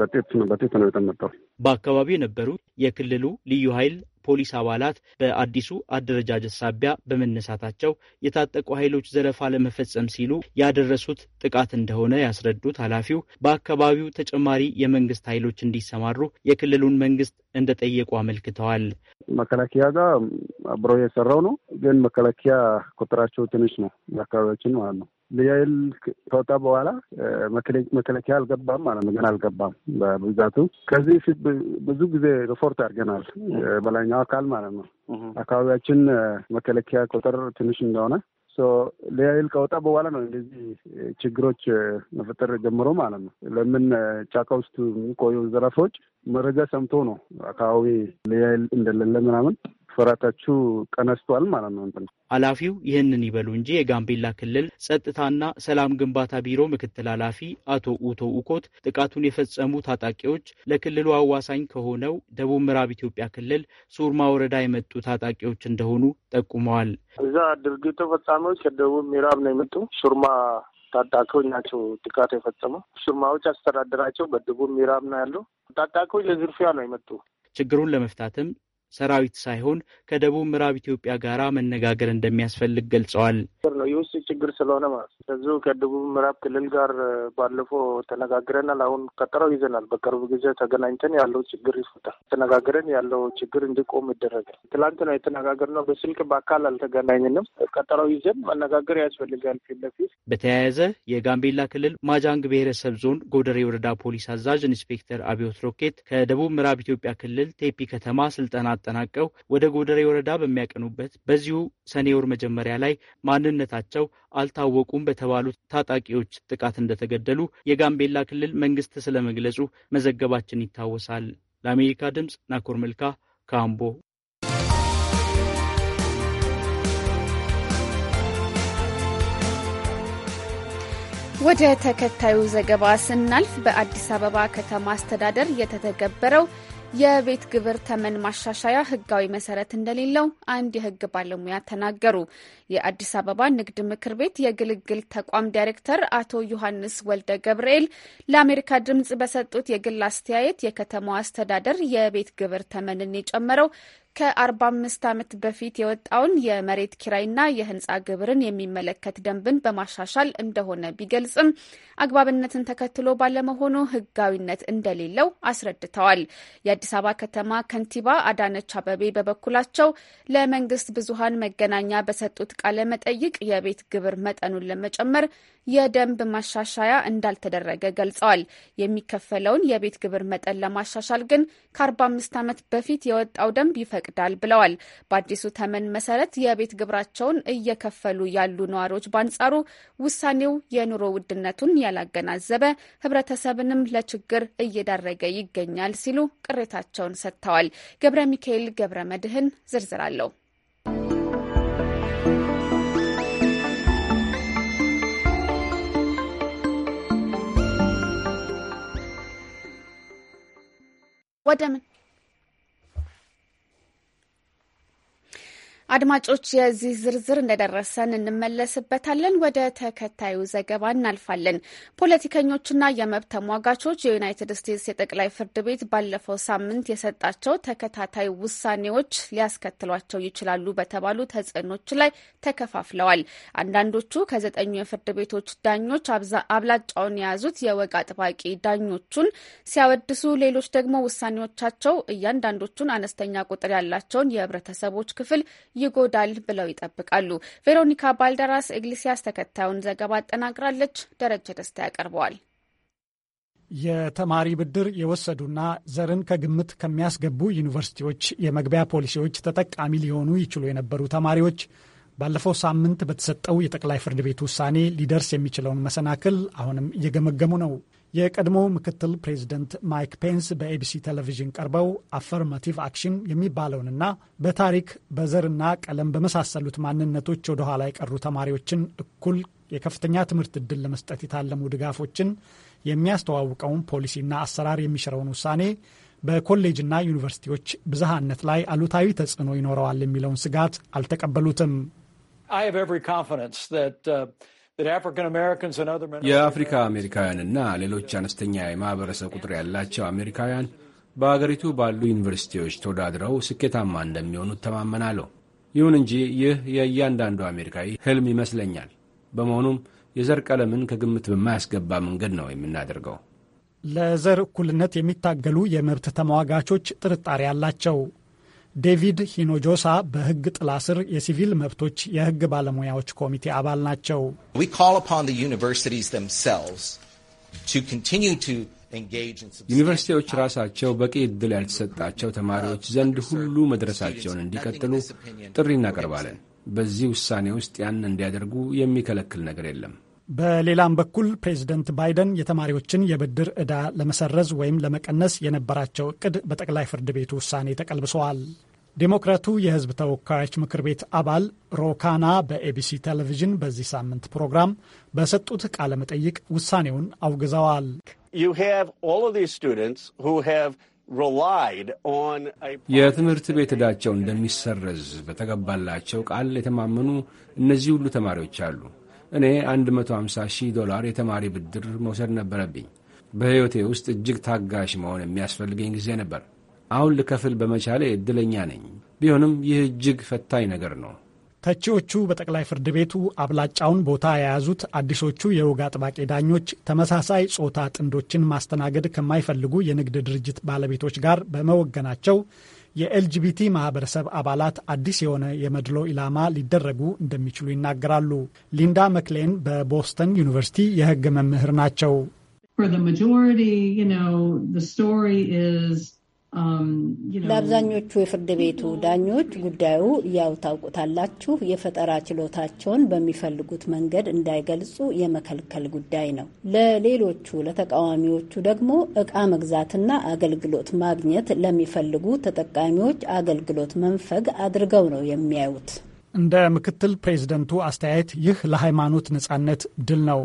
በጤት ነው በጤት ነው የተመጣው። በአካባቢው የነበሩ የክልሉ ልዩ ኃይል ፖሊስ አባላት በአዲሱ አደረጃጀት ሳቢያ በመነሳታቸው የታጠቁ ኃይሎች ዘረፋ ለመፈጸም ሲሉ ያደረሱት ጥቃት እንደሆነ ያስረዱት ኃላፊው በአካባቢው ተጨማሪ የመንግስት ኃይሎች እንዲሰማሩ የክልሉን መንግስት እንደጠየቁ አመልክተዋል። መከላከያ ጋር አብረው የሰራው ነው፣ ግን መከላከያ ቁጥራቸው ትንሽ ነው የአካባቢያችን ማለት ነው ሊያይል ከወጣ በኋላ መከላከያ አልገባም ማለት ነው። ገና አልገባም በብዛቱ። ከዚህ ፊት ብዙ ጊዜ ሪፖርት አድርገናል በላይኛው አካል ማለት ነው። አካባቢያችን መከላከያ ቁጥር ትንሽ እንደሆነ ሊያይል ከወጣ በኋላ ነው እንደዚህ ችግሮች መፈጠር ጀምሮ ማለት ነው። ለምን ጫካ ውስጥ የሚቆዩ ዘረፎች መረጃ ሰምቶ ነው አካባቢ ሊያይል እንደሌለ ምናምን ፍራታችሁ ቀነስቷል ማለት ነው። እንትን ኃላፊው ይህንን ይበሉ እንጂ የጋምቤላ ክልል ጸጥታና ሰላም ግንባታ ቢሮ ምክትል ኃላፊ አቶ ኡቶ ኡኮት ጥቃቱን የፈጸሙ ታጣቂዎች ለክልሉ አዋሳኝ ከሆነው ደቡብ ምዕራብ ኢትዮጵያ ክልል ሱርማ ወረዳ የመጡ ታጣቂዎች እንደሆኑ ጠቁመዋል። እዛ ድርጊቱ ፈጻሚዎች ከደቡብ ምዕራብ ነው የመጡ ሱርማ ታጣቂዎች ናቸው። ጥቃት የፈጸመው ሱርማዎች አስተዳደራቸው በደቡብ ምዕራብ ነው ያለው። ታጣቂዎች ለዝርፊያ ነው የመጡ። ችግሩን ለመፍታትም ሰራዊት ሳይሆን ከደቡብ ምዕራብ ኢትዮጵያ ጋር መነጋገር እንደሚያስፈልግ ገልጸዋል። ነው የውስጥ ችግር ስለሆነ ማለት ከዚሁ ከደቡብ ምዕራብ ክልል ጋር ባለፈው ተነጋግረናል። አሁን ቀጠረው ይዘናል። በቅርብ ጊዜ ተገናኝተን ያለው ችግር ይፈታል። ተነጋግረን ያለው ችግር እንዲቆም ይደረጋል። ትላንት ነው የተነጋገርነው። በስልክ በአካል አልተገናኝንም። ቀጠረው ይዘን መነጋገር ያስፈልጋል ፊት ለፊት። በተያያዘ የጋምቤላ ክልል ማጃንግ ብሔረሰብ ዞን ጎደሬ ወረዳ ፖሊስ አዛዥ ኢንስፔክተር አብዮት ሮኬት ከደቡብ ምዕራብ ኢትዮጵያ ክልል ቴፒ ከተማ ስልጠና አጠናቀው ወደ ጎደሬ ወረዳ በሚያቀኑበት በዚሁ ሰኔ ወር መጀመሪያ ላይ ማንነታቸው አልታወቁም በተባሉ ታጣቂዎች ጥቃት እንደተገደሉ የጋምቤላ ክልል መንግስት ስለመግለጹ መዘገባችን ይታወሳል። ለአሜሪካ ድምፅ ናኮር መልካ ካምቦ። ወደ ተከታዩ ዘገባ ስናልፍ በአዲስ አበባ ከተማ አስተዳደር የተተገበረው የቤት ግብር ተመን ማሻሻያ ህጋዊ መሰረት እንደሌለው አንድ የህግ ባለሙያ ተናገሩ። የአዲስ አበባ ንግድ ምክር ቤት የግልግል ተቋም ዳይሬክተር አቶ ዮሐንስ ወልደ ገብርኤል ለአሜሪካ ድምጽ በሰጡት የግል አስተያየት የከተማዋ አስተዳደር የቤት ግብር ተመንን የጨመረው ከ45 ዓመት በፊት የወጣውን የመሬት ኪራይና የህንፃ ግብርን የሚመለከት ደንብን በማሻሻል እንደሆነ ቢገልጽም አግባብነትን ተከትሎ ባለመሆኑ ህጋዊነት እንደሌለው አስረድተዋል። የአዲስ አበባ ከተማ ከንቲባ አዳነች አበቤ በበኩላቸው ለመንግስት ብዙሃን መገናኛ በሰጡት ቃለ መጠይቅ የቤት ግብር መጠኑን ለመጨመር የደንብ ማሻሻያ እንዳልተደረገ ገልጸዋል። የሚከፈለውን የቤት ግብር መጠን ለማሻሻል ግን ከ45 ዓመት በፊት የወጣው ደንብ ይፈቅዳል ብለዋል። በአዲሱ ተመን መሰረት የቤት ግብራቸውን እየከፈሉ ያሉ ነዋሪዎች በአንጻሩ ውሳኔው የኑሮ ውድነቱን ያላገናዘበ ህብረተሰብንም ለችግር እየዳረገ ይገኛል ሲሉ ቅሬታቸውን ሰጥተዋል። ገብረ ሚካኤል ገብረ መድህን ዝርዝር አለው። what አድማጮች የዚህ ዝርዝር እንደደረሰን እንመለስበታለን። ወደ ተከታዩ ዘገባ እናልፋለን። ፖለቲከኞችና የመብት ተሟጋቾች የዩናይትድ ስቴትስ የጠቅላይ ፍርድ ቤት ባለፈው ሳምንት የሰጣቸው ተከታታይ ውሳኔዎች ሊያስከትሏቸው ይችላሉ በተባሉ ተጽዕኖች ላይ ተከፋፍለዋል። አንዳንዶቹ ከዘጠኙ የፍርድ ቤቶች ዳኞች አብላጫውን የያዙት የወግ አጥባቂ ዳኞቹን ሲያወድሱ፣ ሌሎች ደግሞ ውሳኔዎቻቸው እያንዳንዶቹን አነስተኛ ቁጥር ያላቸውን የህብረተሰቦች ክፍል ይጎዳል ብለው ይጠብቃሉ? ቬሮኒካ ባልደራስ እግሊሲያስ ተከታዩን ዘገባ አጠናቅራለች። ደረጀ ደስታ ያቀርበዋል። የተማሪ ብድር የወሰዱና ዘርን ከግምት ከሚያስገቡ ዩኒቨርሲቲዎች የመግቢያ ፖሊሲዎች ተጠቃሚ ሊሆኑ ይችሉ የነበሩ ተማሪዎች ባለፈው ሳምንት በተሰጠው የጠቅላይ ፍርድ ቤት ውሳኔ ሊደርስ የሚችለውን መሰናክል አሁንም እየገመገሙ ነው። የቀድሞ ምክትል ፕሬዚደንት ማይክ ፔንስ በኤቢሲ ቴሌቪዥን ቀርበው አፈርማቲቭ አክሽን የሚባለውንና በታሪክ በዘርና ቀለም በመሳሰሉት ማንነቶች ወደ የቀሩ ተማሪዎችን እኩል የከፍተኛ ትምህርት እድል ለመስጠት የታለሙ ድጋፎችን የሚያስተዋውቀውን ፖሊሲና አሰራር የሚሽረውን ውሳኔ በኮሌጅና ዩኒቨርሲቲዎች ብዝሃነት ላይ አሉታዊ ተጽዕኖ ይኖረዋል የሚለውን ስጋት አልተቀበሉትም። የአፍሪካ አሜሪካውያንና ሌሎች አነስተኛ የማህበረሰብ ቁጥር ያላቸው አሜሪካውያን በአገሪቱ ባሉ ዩኒቨርሲቲዎች ተወዳድረው ስኬታማ እንደሚሆኑ ተማመናለሁ። ይሁን እንጂ ይህ የእያንዳንዱ አሜሪካዊ ህልም ይመስለኛል። በመሆኑም የዘር ቀለምን ከግምት በማያስገባ መንገድ ነው የምናደርገው። ለዘር እኩልነት የሚታገሉ የመብት ተሟጋቾች ጥርጣሬ አላቸው። ዴቪድ ሂኖጆሳ በህግ ጥላ ስር የሲቪል መብቶች የህግ ባለሙያዎች ኮሚቴ አባል ናቸው። ዩኒቨርሲቲዎች ራሳቸው በቂ እድል ያልተሰጣቸው ተማሪዎች ዘንድ ሁሉ መድረሳቸውን እንዲቀጥሉ ጥሪ እናቀርባለን። በዚህ ውሳኔ ውስጥ ያን እንዲያደርጉ የሚከለክል ነገር የለም። በሌላም በኩል ፕሬዚደንት ባይደን የተማሪዎችን የብድር ዕዳ ለመሰረዝ ወይም ለመቀነስ የነበራቸው እቅድ በጠቅላይ ፍርድ ቤቱ ውሳኔ ተቀልብሰዋል። ዴሞክራቱ የሕዝብ ተወካዮች ምክር ቤት አባል ሮካና በኤቢሲ ቴሌቪዥን በዚህ ሳምንት ፕሮግራም በሰጡት ቃለ መጠይቅ ውሳኔውን አውግዘዋል። የትምህርት ቤት ዕዳቸው እንደሚሰረዝ በተገባላቸው ቃል የተማመኑ እነዚህ ሁሉ ተማሪዎች አሉ። እኔ 150 ሺህ ዶላር የተማሪ ብድር መውሰድ ነበረብኝ። በሕይወቴ ውስጥ እጅግ ታጋሽ መሆን የሚያስፈልገኝ ጊዜ ነበር። አሁን ልከፍል በመቻሌ ዕድለኛ ነኝ። ቢሆንም ይህ እጅግ ፈታኝ ነገር ነው። ተቺዎቹ በጠቅላይ ፍርድ ቤቱ አብላጫውን ቦታ የያዙት አዲሶቹ የወግ አጥባቂ ዳኞች ተመሳሳይ ጾታ ጥንዶችን ማስተናገድ ከማይፈልጉ የንግድ ድርጅት ባለቤቶች ጋር በመወገናቸው የኤልጂቢቲ ማህበረሰብ አባላት አዲስ የሆነ የመድሎ ኢላማ ሊደረጉ እንደሚችሉ ይናገራሉ። ሊንዳ መክሌን በቦስተን ዩኒቨርሲቲ የህግ መምህር ናቸው። ለአብዛኞቹ um, የፍርድ ቤቱ ዳኞች ጉዳዩ ያው ታውቁታላችሁ፣ የፈጠራ ችሎታቸውን በሚፈልጉት መንገድ እንዳይገልጹ የመከልከል ጉዳይ ነው። ለሌሎቹ ለተቃዋሚዎቹ ደግሞ እቃ መግዛትና አገልግሎት ማግኘት ለሚፈልጉ ተጠቃሚዎች አገልግሎት መንፈግ አድርገው ነው የሚያዩት። እንደ ምክትል ፕሬዝደንቱ አስተያየት ይህ ለሃይማኖት ነጻነት ድል ነው።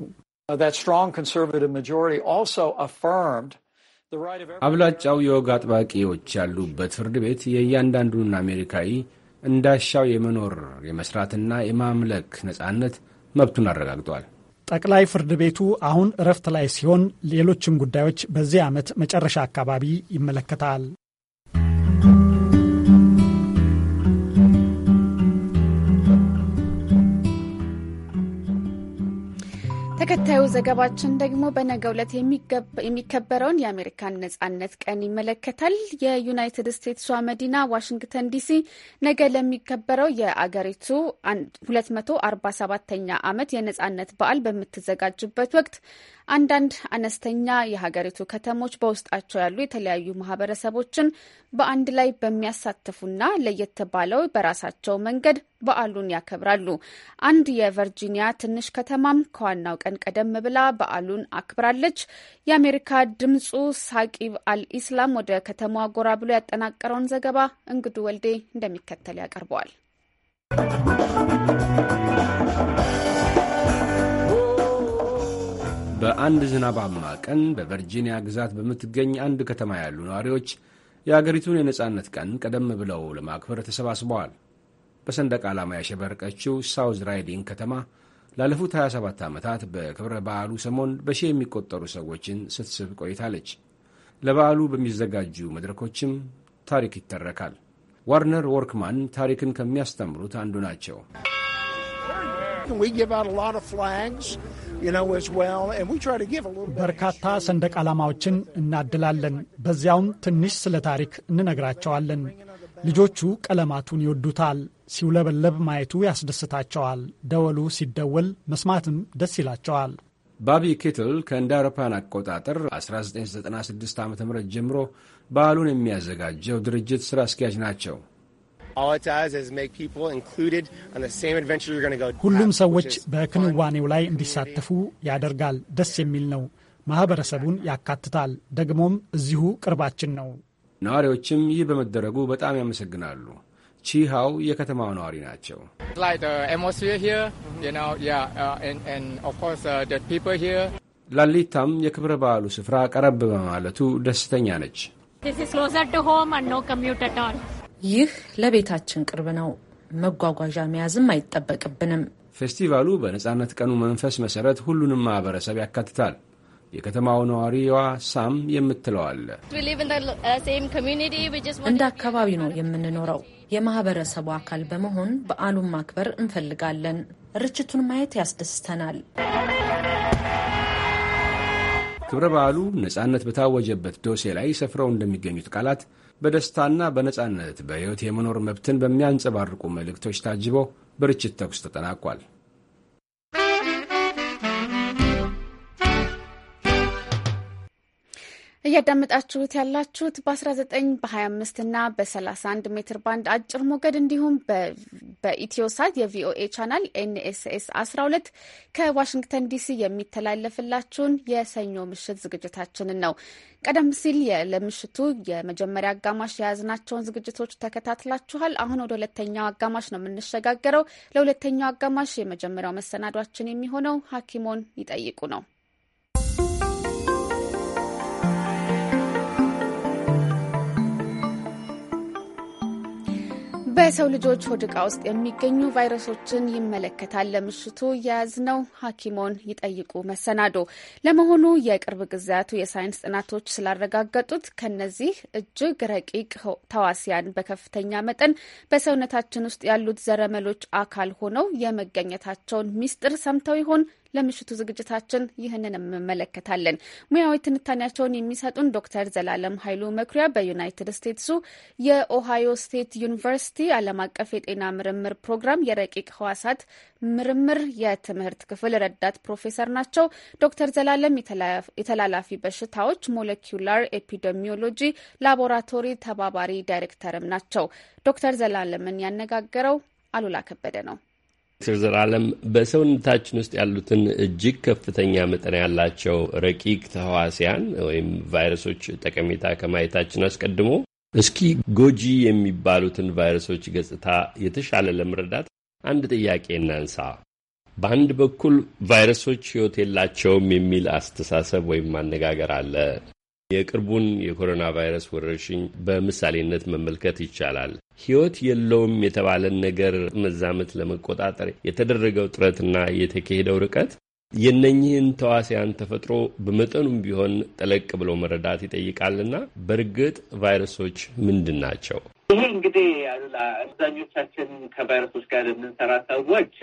That strong conservative majority also affirmed አብላጫው የወግ አጥባቂዎች ያሉበት ፍርድ ቤት የእያንዳንዱን አሜሪካዊ እንዳሻው የመኖር የመስራትና የማምለክ ነጻነት መብቱን አረጋግጧል። ጠቅላይ ፍርድ ቤቱ አሁን እረፍት ላይ ሲሆን ሌሎችም ጉዳዮች በዚህ ዓመት መጨረሻ አካባቢ ይመለከታል። ተከታዩ ዘገባችን ደግሞ በነገ ዕለት የሚከበረውን የአሜሪካን ነጻነት ቀን ይመለከታል። የዩናይትድ ስቴትሷ መዲና ዋሽንግተን ዲሲ ነገ ለሚከበረው የአገሪቱ 247ኛ ዓመት የነጻነት በዓል በምትዘጋጅበት ወቅት አንዳንድ አነስተኛ የሀገሪቱ ከተሞች በውስጣቸው ያሉ የተለያዩ ማህበረሰቦችን በአንድ ላይ በሚያሳትፉና ለየት ባለው በራሳቸው መንገድ በዓሉን ያከብራሉ። አንድ የቨርጂኒያ ትንሽ ከተማም ከዋናው ቀን ቀደም ብላ በዓሉን አክብራለች። የአሜሪካ ድምፁ ሳቂብ አልኢስላም ወደ ከተማዋ ጎራ ብሎ ያጠናቀረውን ዘገባ እንግዱ ወልዴ እንደሚከተል ያቀርበዋል። በአንድ ዝናባማ ቀን በቨርጂኒያ ግዛት በምትገኝ አንድ ከተማ ያሉ ነዋሪዎች የአገሪቱን የነጻነት ቀን ቀደም ብለው ለማክበር ተሰባስበዋል። በሰንደቅ ዓላማ ያሸበረቀችው ሳውዝ ራይዲንግ ከተማ ላለፉት 27 ዓመታት በክብረ በዓሉ ሰሞን በሺህ የሚቆጠሩ ሰዎችን ስትስብ ቆይታለች። ለበዓሉ በሚዘጋጁ መድረኮችም ታሪክ ይተረካል። ዋርነር ወርክማን ታሪክን ከሚያስተምሩት አንዱ ናቸው። በርካታ ሰንደቅ ዓላማዎችን እናድላለን። በዚያውም ትንሽ ስለ ታሪክ እንነግራቸዋለን። ልጆቹ ቀለማቱን ይወዱታል። ሲውለበለብ ማየቱ ያስደስታቸዋል። ደወሉ ሲደወል መስማትም ደስ ይላቸዋል። ባቢ ኬትል ከእንደ አውሮፓውያን አቆጣጠር 1996 ዓ ም ጀምሮ በዓሉን የሚያዘጋጀው ድርጅት ሥራ አስኪያጅ ናቸው። ሁሉም ሰዎች በክንዋኔው ላይ እንዲሳተፉ ያደርጋል። ደስ የሚል ነው። ማህበረሰቡን ያካትታል። ደግሞም እዚሁ ቅርባችን ነው። ነዋሪዎችም ይህ በመደረጉ በጣም ያመሰግናሉ። ቺሃው የከተማው ነዋሪ ናቸው። ላሊታም የክብረ በዓሉ ስፍራ ቀረብ በማለቱ ደስተኛ ነች። ይህ ለቤታችን ቅርብ ነው። መጓጓዣ መያዝም አይጠበቅብንም። ፌስቲቫሉ በነጻነት ቀኑ መንፈስ መሰረት ሁሉንም ማህበረሰብ ያካትታል። የከተማው ነዋሪዋ ሳም የምትለዋለ እንደ አካባቢ ነው የምንኖረው። የማህበረሰቡ አካል በመሆን በዓሉን ማክበር እንፈልጋለን። ርችቱን ማየት ያስደስተናል። ክብረ በዓሉ ነጻነት በታወጀበት ዶሴ ላይ ሰፍረው እንደሚገኙት ቃላት በደስታና በነጻነት በሕይወት የመኖር መብትን በሚያንጸባርቁ መልእክቶች ታጅቦ በርችት ተኩስ ተጠናቋል። እያዳመጣችሁት ያላችሁት በ19 በ25 እና በ31 ሜትር ባንድ አጭር ሞገድ እንዲሁም በኢትዮሳት የቪኦኤ ቻናል ኤንኤስኤስ 12 ከዋሽንግተን ዲሲ የሚተላለፍላችሁን የሰኞ ምሽት ዝግጅታችንን ነው። ቀደም ሲል ለምሽቱ የመጀመሪያ አጋማሽ የያዝናቸውን ዝግጅቶች ተከታትላችኋል። አሁን ወደ ሁለተኛው አጋማሽ ነው የምንሸጋገረው። ለሁለተኛው አጋማሽ የመጀመሪያው መሰናዷችን የሚሆነው ሐኪሞን ይጠይቁ ነው። በሰው ልጆች ሆድ ዕቃ ውስጥ የሚገኙ ቫይረሶችን ይመለከታል። ለምሽቱ የያዝነው ሐኪሞን ይጠይቁ መሰናዶ። ለመሆኑ የቅርብ ጊዜያቱ የሳይንስ ጥናቶች ስላረጋገጡት ከነዚህ እጅግ ረቂቅ ተዋሲያን በከፍተኛ መጠን በሰውነታችን ውስጥ ያሉት ዘረመሎች አካል ሆነው የመገኘታቸውን ሚስጥር ሰምተው ይሆን? ለምሽቱ ዝግጅታችን ይህንን እንመለከታለን። ሙያዊ ትንታኔያቸውን የሚሰጡን ዶክተር ዘላለም ኃይሉ መኩሪያ በዩናይትድ ስቴትሱ የኦሃዮ ስቴት ዩኒቨርሲቲ ዓለም አቀፍ የጤና ምርምር ፕሮግራም የረቂቅ ህዋሳት ምርምር የትምህርት ክፍል ረዳት ፕሮፌሰር ናቸው። ዶክተር ዘላለም የተላላፊ በሽታዎች ሞለኪላር ኤፒዴሚዮሎጂ ላቦራቶሪ ተባባሪ ዳይሬክተርም ናቸው። ዶክተር ዘላለምን ያነጋገረው አሉላ ከበደ ነው። ዶክተር ዘላለም በሰውነታችን ውስጥ ያሉትን እጅግ ከፍተኛ መጠን ያላቸው ረቂቅ ተህዋሲያን ወይም ቫይረሶች ጠቀሜታ ከማየታችን አስቀድሞ እስኪ ጎጂ የሚባሉትን ቫይረሶች ገጽታ የተሻለ ለመረዳት አንድ ጥያቄ እናንሳ። በአንድ በኩል ቫይረሶች ሕይወት የላቸውም የሚል አስተሳሰብ ወይም ማነጋገር አለ። የቅርቡን የኮሮና ቫይረስ ወረርሽኝ በምሳሌነት መመልከት ይቻላል። ሕይወት የለውም የተባለን ነገር መዛመት ለመቆጣጠር የተደረገው ጥረትና የተካሄደው ርቀት የነኝህን ተዋሲያን ተፈጥሮ በመጠኑም ቢሆን ጠለቅ ብሎ መረዳት ይጠይቃልና በእርግጥ ቫይረሶች ምንድን ናቸው? ይሄ እንግዲህ አብዛኞቻችን ከቫይረሶች ጋር የምንሰራ ሰዎች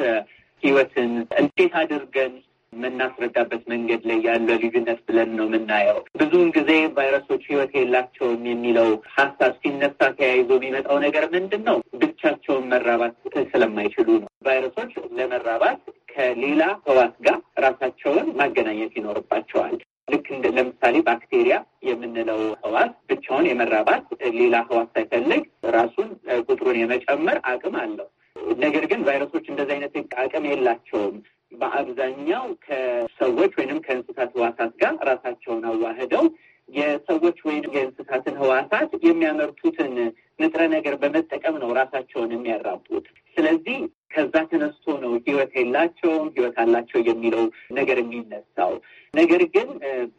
ህይወትን እንዴት አድርገን የምናስረዳበት መንገድ ላይ ያለ ልዩነት ብለን ነው የምናየው። ብዙውን ጊዜ ቫይረሶች ህይወት የላቸውም የሚለው ሀሳብ ሲነሳ ተያይዞ የሚመጣው ነገር ምንድን ነው? ብቻቸውን መራባት ስለማይችሉ ነው። ቫይረሶች ለመራባት ከሌላ ህዋስ ጋር ራሳቸውን ማገናኘት ይኖርባቸዋል። ልክ ለምሳሌ ባክቴሪያ የምንለው ህዋስ ብቻውን የመራባት ሌላ ህዋስ ሳይፈልግ ራሱን ቁጥሩን የመጨመር አቅም አለው። ነገር ግን ቫይረሶች እንደዚህ አይነት አቅም የላቸውም። በአብዛኛው ከሰዎች ወይንም ከእንስሳት ህዋሳት ጋር ራሳቸውን አዋህደው የሰዎች ወይም የእንስሳትን ህዋሳት የሚያመርቱትን ንጥረ ነገር በመጠቀም ነው ራሳቸውን የሚያራቡት። ስለዚህ ከዛ ተነስቶ ነው ህይወት የላቸውም፣ ህይወት አላቸው የሚለው ነገር የሚነሳው። ነገር ግን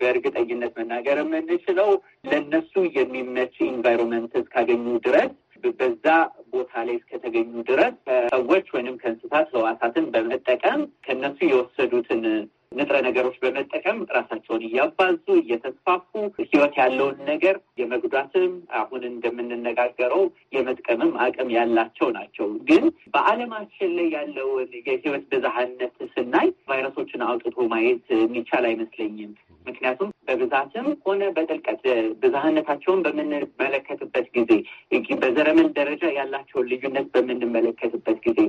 በእርግጠኝነት መናገር የምንችለው ለእነሱ የሚመች ኢንቫይሮንመንት እስካገኙ ድረስ በዛ ቦታ ላይ እስከተገኙ ድረስ ሰዎች ወይንም ከእንስሳት ህዋሳትን በመጠቀም ከነሱ የወሰዱትን ንጥረ ነገሮች በመጠቀም ራሳቸውን እያባዙ እየተስፋፉ ህይወት ያለውን ነገር የመጉዳትም አሁን እንደምንነጋገረው የመጥቀምም አቅም ያላቸው ናቸው። ግን በዓለማችን ላይ ያለውን የህይወት ብዝሃነት ስናይ ቫይረሶችን አውጥቶ ማየት የሚቻል አይመስለኝም። ምክንያቱም በብዛትም ሆነ በጥልቀት ብዝሃነታቸውን በምንመለከትበት ጊዜ በዘረመን ደረጃ ያላቸውን ልዩነት በምንመለከትበት ጊዜ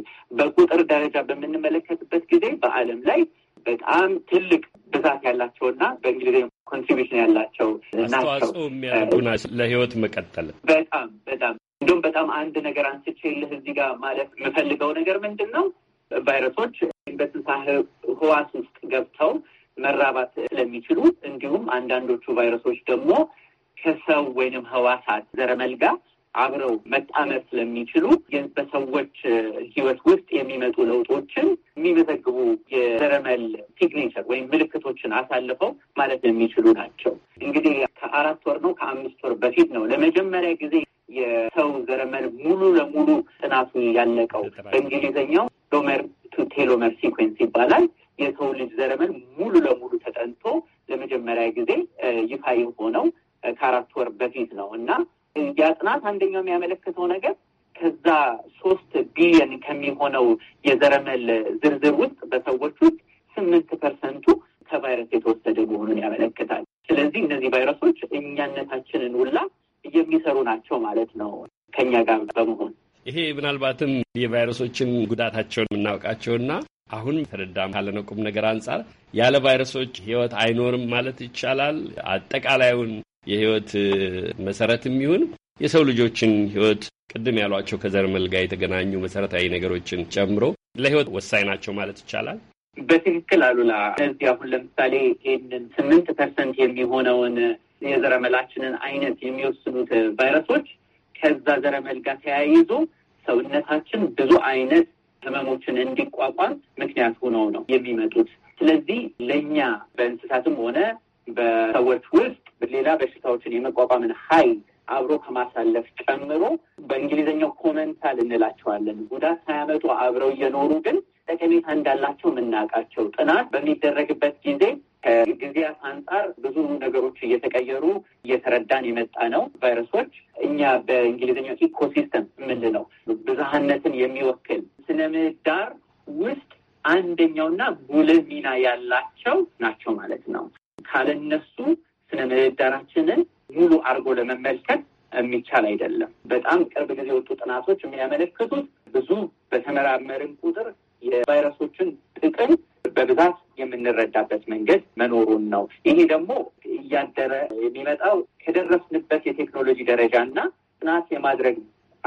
በቁጥር ደረጃ በምንመለከትበት ጊዜ በዓለም ላይ በጣም ትልቅ ብዛት ያላቸው እና በእንግሊዝኛ ኮንትሪቢሽን ያላቸው ናቸው ለህይወት መቀጠል በጣም በጣም እንዲሁም በጣም አንድ ነገር አንስቼ ልህ እዚህ ጋር ማለት የምፈልገው ነገር ምንድን ነው ቫይረሶች በትንሳህ ህዋስ ውስጥ ገብተው መራባት ስለሚችሉ እንዲሁም አንዳንዶቹ ቫይረሶች ደግሞ ከሰው ወይንም ህዋሳት ዘረመል ጋር አብረው መጣመር ስለሚችሉ በሰዎች ህይወት ውስጥ የሚመጡ ለውጦችን የሚመዘግቡ የዘረመል ሲግኔቸር ወይም ምልክቶችን አሳልፈው ማለት የሚችሉ ናቸው። እንግዲህ ከአራት ወር ነው ከአምስት ወር በፊት ነው ለመጀመሪያ ጊዜ የሰው ዘረመል ሙሉ ለሙሉ ጥናቱ ያለቀው። በእንግሊዝኛው ሎመር ቱ ቴሎመር ሲኩዌንስ ይባላል። የሰው ልጅ ዘረመን ሙሉ ለሙሉ ተጠንቶ ለመጀመሪያ ጊዜ ይፋ የሆነው ከአራት ወር በፊት ነው እና ያ ጥናት አንደኛው የሚያመለክተው ነገር ከዛ ሶስት ቢሊየን ከሚሆነው የዘረመል ዝርዝር ውስጥ በሰዎች ውስጥ ስምንት ፐርሰንቱ ከቫይረስ የተወሰደ መሆኑን ያመለክታል። ስለዚህ እነዚህ ቫይረሶች እኛነታችንን ውላ የሚሰሩ ናቸው ማለት ነው ከኛ ጋር በመሆን ይሄ ምናልባትም የቫይረሶችን ጉዳታቸውን የምናውቃቸውና አሁን ተረዳም ካለነው ቁም ነገር አንጻር ያለ ቫይረሶች ህይወት አይኖርም ማለት ይቻላል። አጠቃላዩን የህይወት መሰረትም ይሁን የሰው ልጆችን ህይወት ቅድም ያሏቸው ከዘር መልጋ የተገናኙ መሰረታዊ ነገሮችን ጨምሮ ለህይወት ወሳኝ ናቸው ማለት ይቻላል። በትክክል አሉላ። ስለዚህ አሁን ለምሳሌ ይህንን ስምንት ፐርሰንት የሚሆነውን የዘረመላችንን አይነት የሚወስኑት ቫይረሶች ከዛ ዘረመል ጋር ተያይዞ ሰውነታችን ብዙ አይነት ህመሞችን እንዲቋቋም ምክንያት ሆነው ነው የሚመጡት። ስለዚህ ለእኛ በእንስሳትም ሆነ በሰዎች ውስጥ ሌላ በሽታዎችን የመቋቋምን ኃይል አብሮ ከማሳለፍ ጨምሮ በእንግሊዝኛው ኮመንታል እንላቸዋለን። ጉዳት ሳያመጡ አብረው እየኖሩ ግን ጠቀሜታ እንዳላቸው የምናውቃቸው ጥናት በሚደረግበት ጊዜ ከጊዜያት አንጻር ብዙ ነገሮች እየተቀየሩ እየተረዳን የመጣ ነው። ቫይረሶች እኛ በእንግሊዝኛው ኢኮሲስተም የምንለው ብዝሃነትን የሚወክል ስነ ምህዳር ውስጥ አንደኛውና ጉልህ ሚና ያላቸው ናቸው ማለት ነው። ካለነሱ ስነ ምህዳራችንን ሙሉ አድርጎ ለመመልከት የሚቻል አይደለም። በጣም ቅርብ ጊዜ የወጡ ጥናቶች የሚያመለክቱት ብዙ በተመራመርን ቁጥር የቫይረሶችን ጥቅም በብዛት የምንረዳበት መንገድ መኖሩን ነው። ይሄ ደግሞ እያደረ የሚመጣው ከደረስንበት የቴክኖሎጂ ደረጃ እና ጥናት የማድረግ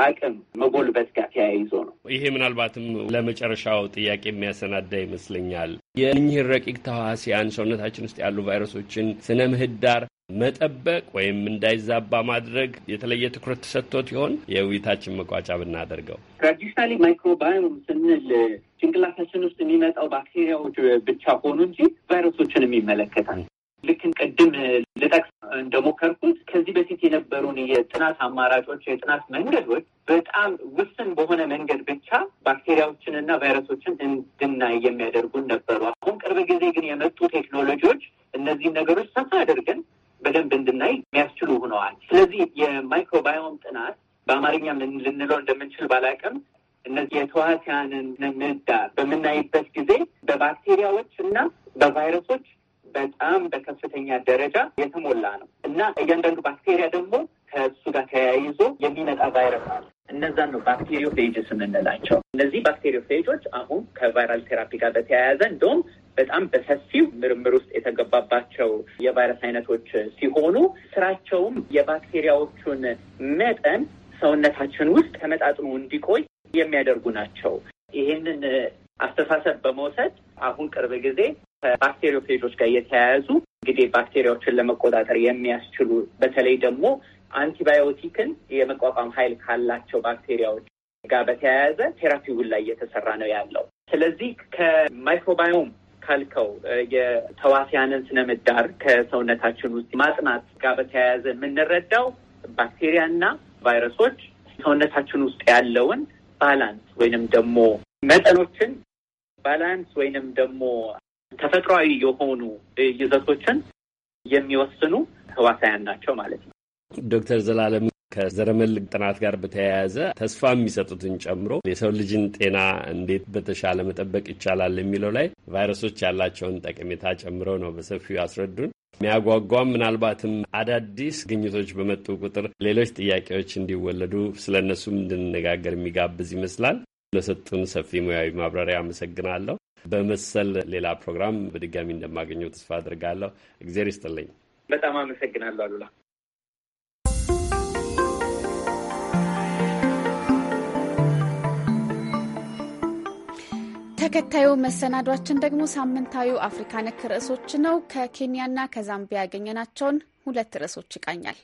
አቅም መጎልበት ጋር ተያይዞ ነው። ይሄ ምናልባትም ለመጨረሻው ጥያቄ የሚያሰናዳ ይመስለኛል። የእኚህ ረቂቅ ተህዋሲያን ሰውነታችን ውስጥ ያሉ ቫይረሶችን ስነ ምህዳር መጠበቅ ወይም እንዳይዛባ ማድረግ የተለየ ትኩረት ተሰጥቶት ይሆን? የውይይታችን መቋጫ ብናደርገው ትራዲሽናሊ ማይክሮባዮም ስንል ጭንቅላታችን ውስጥ የሚመጣው ባክቴሪያዎች ብቻ ሆኑ እንጂ ቫይረሶችንም ይመለከታል። ልክን ቅድም ልጠቅስ እንደሞከርኩት ከዚህ በፊት የነበሩን የጥናት አማራጮች፣ የጥናት መንገዶች በጣም ውስን በሆነ መንገድ ብቻ ባክቴሪያዎችን እና ቫይረሶችን እንድናይ የሚያደርጉን ነበሩ። አሁን ቅርብ ጊዜ ግን የመጡ ቴክኖሎጂዎች እነዚህን ነገሮች ሰፋ አድርገን በደንብ እንድናይ የሚያስችሉ ሆነዋል። ስለዚህ የማይክሮባዮም ጥናት በአማርኛም ልንለው እንደምንችል ባላቅም እነዚህ የተዋሲያንን ንዳ በምናይበት ጊዜ በባክቴሪያዎች እና በቫይረሶች በጣም በከፍተኛ ደረጃ የተሞላ ነው እና እያንዳንዱ ባክቴሪያ ደግሞ ከእሱ ጋር ተያይዞ የሚመጣ ቫይረስ አለ። እነዛን ነው ባክቴሪዮ ፌጅስ የምንላቸው። እነዚህ ባክቴሪዮ ፌጆች አሁን ከቫይራል ቴራፒ ጋር በተያያዘ እንደውም በጣም በሰፊው ምርምር ውስጥ የተገባባቸው የቫይረስ አይነቶች ሲሆኑ ስራቸውም የባክቴሪያዎቹን መጠን ሰውነታችን ውስጥ ተመጣጥኖ እንዲቆይ የሚያደርጉ ናቸው። ይህንን አስተሳሰብ በመውሰድ አሁን ቅርብ ጊዜ ፌጆች ጋር የተያያዙ እንግዲህ ባክቴሪያዎችን ለመቆጣጠር የሚያስችሉ በተለይ ደግሞ አንቲባዮቲክን የመቋቋም ኃይል ካላቸው ባክቴሪያዎች ጋር በተያያዘ ቴራፒውን ላይ እየተሰራ ነው ያለው። ስለዚህ ከማይክሮባዮም ካልከው የተዋሲያንን ስነ ምህዳር ከሰውነታችን ውስጥ ማጥናት ጋር በተያያዘ የምንረዳው ባክቴሪያና ቫይረሶች ሰውነታችን ውስጥ ያለውን ባላንስ ወይንም ደግሞ መጠኖችን ባላንስ ወይንም ደግሞ ተፈጥሯዊ የሆኑ ይዘቶችን የሚወስኑ ህዋሳያን ናቸው ማለት ነው። ዶክተር ዘላለም ከዘረመል ጥናት ጋር በተያያዘ ተስፋ የሚሰጡትን ጨምሮ የሰው ልጅን ጤና እንዴት በተሻለ መጠበቅ ይቻላል የሚለው ላይ ቫይረሶች ያላቸውን ጠቀሜታ ጨምሮ ነው በሰፊው ያስረዱን። የሚያጓጓም ምናልባትም አዳዲስ ግኝቶች በመጡ ቁጥር ሌሎች ጥያቄዎች እንዲወለዱ ስለ እነሱም እንድንነጋገር የሚጋብዝ ይመስላል። ለሰጡን ሰፊ ሙያዊ ማብራሪያ አመሰግናለሁ። በመሰል ሌላ ፕሮግራም በድጋሚ እንደማገኘው ተስፋ አድርጋለሁ። እግዜር ይስጥልኝ። በጣም አመሰግናለሁ አሉላ። ተከታዩ መሰናዷችን ደግሞ ሳምንታዊ አፍሪካ ነክ ርዕሶች ነው። ከኬንያና ከዛምቢያ ያገኘናቸውን ሁለት ርዕሶች ይቃኛል።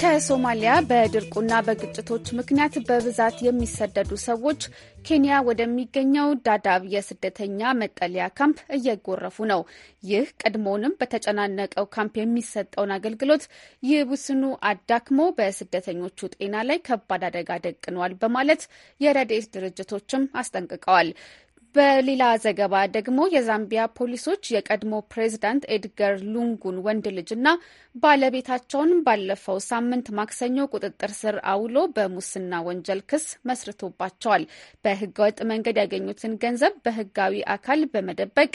ከሶማሊያ በድርቁና በግጭቶች ምክንያት በብዛት የሚሰደዱ ሰዎች ኬንያ ወደሚገኘው ዳዳብ የስደተኛ መጠለያ ካምፕ እየጎረፉ ነው። ይህ ቀድሞውንም በተጨናነቀው ካምፕ የሚሰጠውን አገልግሎት ይብስኑ አዳክሞ በስደተኞቹ ጤና ላይ ከባድ አደጋ ደቅኗል በማለት የረድኤት ድርጅቶችም አስጠንቅቀዋል። በሌላ ዘገባ ደግሞ የዛምቢያ ፖሊሶች የቀድሞ ፕሬዚዳንት ኤድጋር ሉንጉን ወንድ ልጅና ባለቤታቸውን ባለፈው ሳምንት ማክሰኞ ቁጥጥር ስር አውሎ በሙስና ወንጀል ክስ መስርቶባቸዋል። በህገወጥ መንገድ ያገኙትን ገንዘብ በህጋዊ አካል በመደበቅ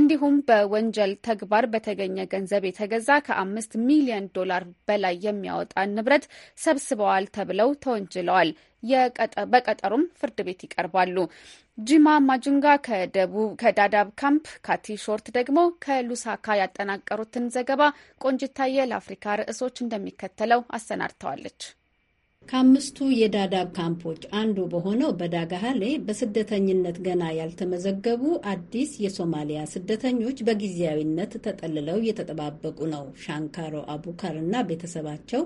እንዲሁም በወንጀል ተግባር በተገኘ ገንዘብ የተገዛ ከአምስት ሚሊዮን ዶላር በላይ የሚያወጣ ንብረት ሰብስበዋል ተብለው ተወንጅለዋል። በቀጠሩም ፍርድ ቤት ይቀርባሉ። ጂማ ማጁንጋ ከዳዳብ ካምፕ፣ ካቲ ሾርት ደግሞ ከሉሳካ ያጠናቀሩትን ዘገባ ቆንጅታየ ለአፍሪካ ርዕሶች እንደሚከተለው አሰናድተዋለች። ከአምስቱ የዳዳብ ካምፖች አንዱ በሆነው በዳጋሃሌ በስደተኝነት ገና ያልተመዘገቡ አዲስ የሶማሊያ ስደተኞች በጊዜያዊነት ተጠልለው እየተጠባበቁ ነው። ሻንካሮ አቡካር እና ቤተሰባቸው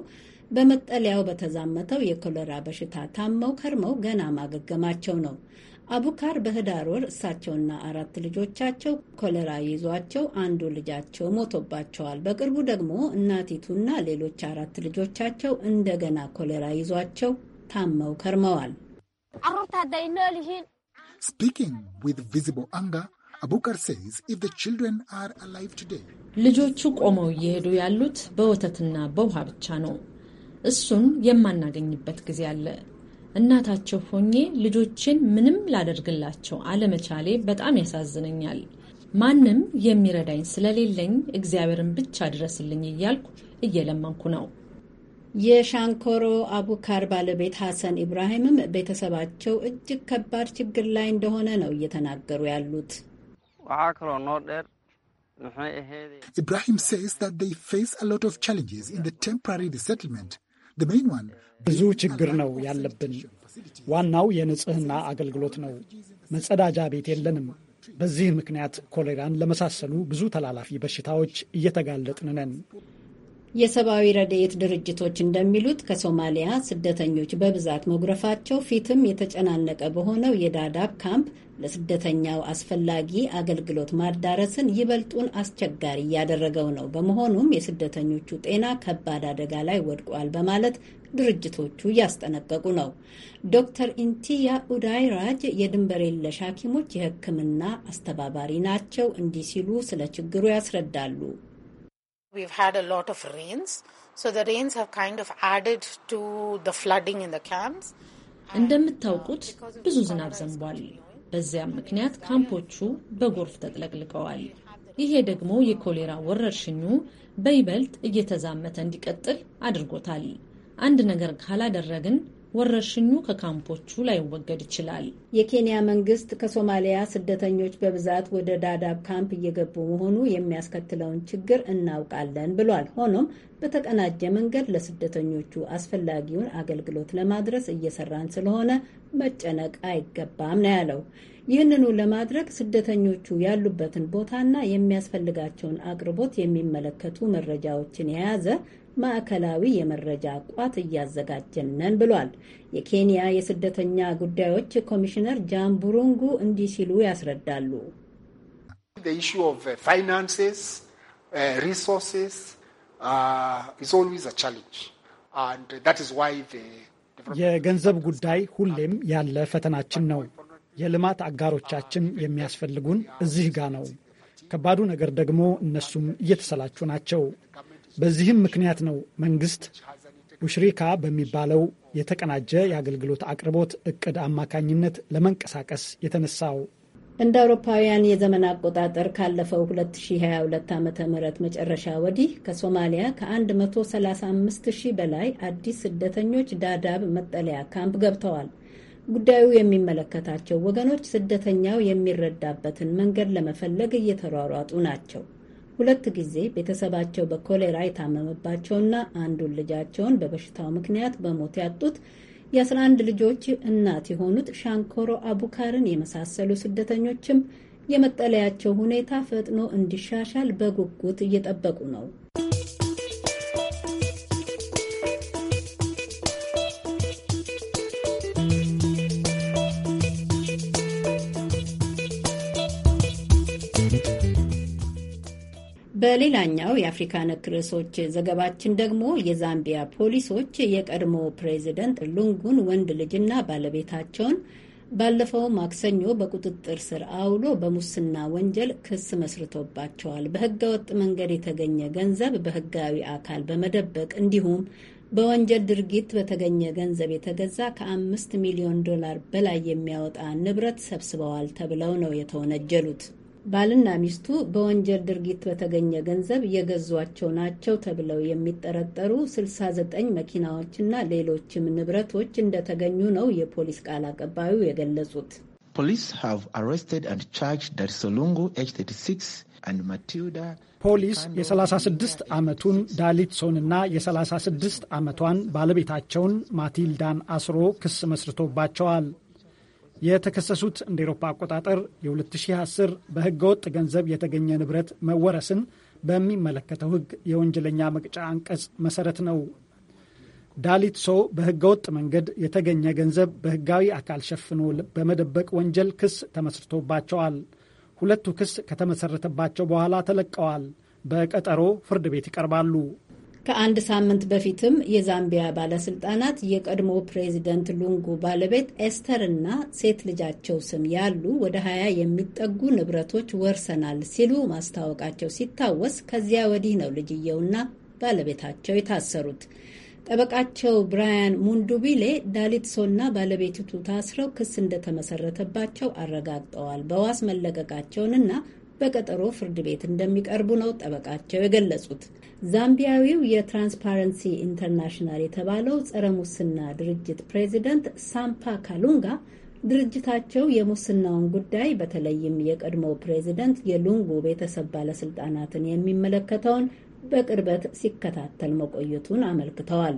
በመጠለያው በተዛመተው የኮሌራ በሽታ ታመው ከርመው ገና ማገገማቸው ነው። አቡካር በህዳር ወር እሳቸውና አራት ልጆቻቸው ኮሌራ ይዟቸው አንዱ ልጃቸው ሞቶባቸዋል። በቅርቡ ደግሞ እናቲቱና ሌሎች አራት ልጆቻቸው እንደገና ኮሌራ ይዟቸው ታመው ከርመዋል። ልጆቹ ቆመው እየሄዱ ያሉት በወተትና በውሃ ብቻ ነው። እሱን የማናገኝበት ጊዜ አለ። እናታቸው ሆኜ ልጆችን ምንም ላደርግላቸው አለመቻሌ በጣም ያሳዝነኛል። ማንም የሚረዳኝ ስለሌለኝ እግዚአብሔርን ብቻ ድረስልኝ እያልኩ እየለመንኩ ነው። የሻንኮሮ አቡካር ባለቤት ሐሰን ኢብራሂምም ቤተሰባቸው እጅግ ከባድ ችግር ላይ እንደሆነ ነው እየተናገሩ ያሉት። ኢብራሂም says that they face a lot of challenges in the temporary resettlement. ብዙ ችግር ነው ያለብን። ዋናው የንጽህና አገልግሎት ነው። መጸዳጃ ቤት የለንም። በዚህ ምክንያት ኮሌራን ለመሳሰሉ ብዙ ተላላፊ በሽታዎች እየተጋለጥን ነን። የሰብአዊ ረድኤት ድርጅቶች እንደሚሉት ከሶማሊያ ስደተኞች በብዛት መጉረፋቸው ፊትም የተጨናነቀ በሆነው የዳዳብ ካምፕ ለስደተኛው አስፈላጊ አገልግሎት ማዳረስን ይበልጡን አስቸጋሪ እያደረገው ነው። በመሆኑም የስደተኞቹ ጤና ከባድ አደጋ ላይ ወድቋል በማለት ድርጅቶቹ እያስጠነቀቁ ነው። ዶክተር ኢንቲያ ኡዳይ ራጅ የድንበር የለሽ ሐኪሞች የሕክምና አስተባባሪ ናቸው። እንዲህ ሲሉ ስለ ችግሩ ያስረዳሉ። We've had a lot of rains, so the rains have kind of added to the flooding in the camps. እንደምታውቁት uh, ብዙ ዝናብ ዘንቧል። በዚያም ምክንያት ካምፖቹ በጎርፍ ተጥለቅልቀዋል። ይሄ ደግሞ የኮሌራ ወረርሽኙ በይበልጥ እየተዛመተ እንዲቀጥል አድርጎታል። አንድ ነገር ካላደረግን ወረርሽኙ ከካምፖቹ ላይወገድ ይችላል። የኬንያ መንግስት ከሶማሊያ ስደተኞች በብዛት ወደ ዳዳብ ካምፕ እየገቡ መሆኑ የሚያስከትለውን ችግር እናውቃለን ብሏል። ሆኖም በተቀናጀ መንገድ ለስደተኞቹ አስፈላጊውን አገልግሎት ለማድረስ እየሰራን ስለሆነ መጨነቅ አይገባም ነው ያለው። ይህንኑ ለማድረግ ስደተኞቹ ያሉበትን ቦታና የሚያስፈልጋቸውን አቅርቦት የሚመለከቱ መረጃዎችን የያዘ ማዕከላዊ የመረጃ ቋት እያዘጋጀን ነን ብሏል። የኬንያ የስደተኛ ጉዳዮች ኮሚሽነር ጃን ቡሩንጉ እንዲህ ሲሉ ያስረዳሉ። uh, uh, uh, የገንዘብ ጉዳይ ሁሌም ያለ ፈተናችን ነው። የልማት አጋሮቻችን የሚያስፈልጉን እዚህ ጋ ነው። ከባዱ ነገር ደግሞ እነሱም እየተሰላቹ ናቸው። በዚህም ምክንያት ነው መንግስት ቡሽሪካ በሚባለው የተቀናጀ የአገልግሎት አቅርቦት እቅድ አማካኝነት ለመንቀሳቀስ የተነሳው። እንደ አውሮፓውያን የዘመን አቆጣጠር ካለፈው 2022 ዓ ም መጨረሻ ወዲህ ከሶማሊያ ከ135 ሺህ በላይ አዲስ ስደተኞች ዳዳብ መጠለያ ካምፕ ገብተዋል። ጉዳዩ የሚመለከታቸው ወገኖች ስደተኛው የሚረዳበትን መንገድ ለመፈለግ እየተሯሯጡ ናቸው። ሁለት ጊዜ ቤተሰባቸው በኮሌራ የታመመባቸውና አንዱን ልጃቸውን በበሽታው ምክንያት በሞት ያጡት የ11 ልጆች እናት የሆኑት ሻንኮሮ አቡካርን የመሳሰሉ ስደተኞችም የመጠለያቸው ሁኔታ ፈጥኖ እንዲሻሻል በጉጉት እየጠበቁ ነው። በሌላኛው የአፍሪካ ነክ ርዕሶች ዘገባችን ደግሞ የዛምቢያ ፖሊሶች የቀድሞ ፕሬዚደንት ሉንጉን ወንድ ልጅና ባለቤታቸውን ባለፈው ማክሰኞ በቁጥጥር ስር አውሎ በሙስና ወንጀል ክስ መስርቶባቸዋል። በህገወጥ መንገድ የተገኘ ገንዘብ በህጋዊ አካል በመደበቅ እንዲሁም በወንጀል ድርጊት በተገኘ ገንዘብ የተገዛ ከአምስት ሚሊዮን ዶላር በላይ የሚያወጣ ንብረት ሰብስበዋል ተብለው ነው የተወነጀሉት። ባልና ሚስቱ በወንጀል ድርጊት በተገኘ ገንዘብ የገዟቸው ናቸው ተብለው የሚጠረጠሩ 69 መኪናዎችና ሌሎችም ንብረቶች እንደተገኙ ነው የፖሊስ ቃል አቀባዩ የገለጹት። ፖሊስ የ36 ዓመቱን ዳሊትሶንና የ36 ዓመቷን ባለቤታቸውን ማቲልዳን አስሮ ክስ መስርቶባቸዋል። የተከሰሱት እንደ ኤሮፓ አቆጣጠር የ2010 ወጥ ገንዘብ የተገኘ ንብረት መወረስን በሚመለከተው ህግ የወንጀለኛ መቅጫ አንቀጽ መሰረት ነው። ዳሊት ሶ ወጥ መንገድ የተገኘ ገንዘብ በህጋዊ አካል ሸፍኖ በመደበቅ ወንጀል ክስ ተመስርቶባቸዋል። ሁለቱ ክስ ከተመሰረተባቸው በኋላ ተለቀዋል። በቀጠሮ ፍርድ ቤት ይቀርባሉ። ከአንድ ሳምንት በፊትም የዛምቢያ ባለስልጣናት የቀድሞ ፕሬዚደንት ሉንጉ ባለቤት ኤስተር ሴት ልጃቸው ስም ያሉ ወደ ሀያ የሚጠጉ ንብረቶች ወርሰናል ሲሉ ማስታወቃቸው ሲታወስ ከዚያ ወዲህ ነው ልጅየውና ባለቤታቸው የታሰሩት። ጠበቃቸው ብራያን ሙንዱቢሌ ዳሊትሶና ባለቤቲቱ ታስረው ክስ እንደተመሰረተባቸው አረጋግጠዋል። በዋስ መለቀቃቸውንና በቀጠሮ ፍርድ ቤት እንደሚቀርቡ ነው ጠበቃቸው የገለጹት። ዛምቢያዊው የትራንስፓረንሲ ኢንተርናሽናል የተባለው ጸረ ሙስና ድርጅት ፕሬዚደንት ሳምፓ ካሉንጋ ድርጅታቸው የሙስናውን ጉዳይ በተለይም የቀድሞ ፕሬዚደንት የሉንጉ ቤተሰብ ባለስልጣናትን የሚመለከተውን በቅርበት ሲከታተል መቆየቱን አመልክተዋል።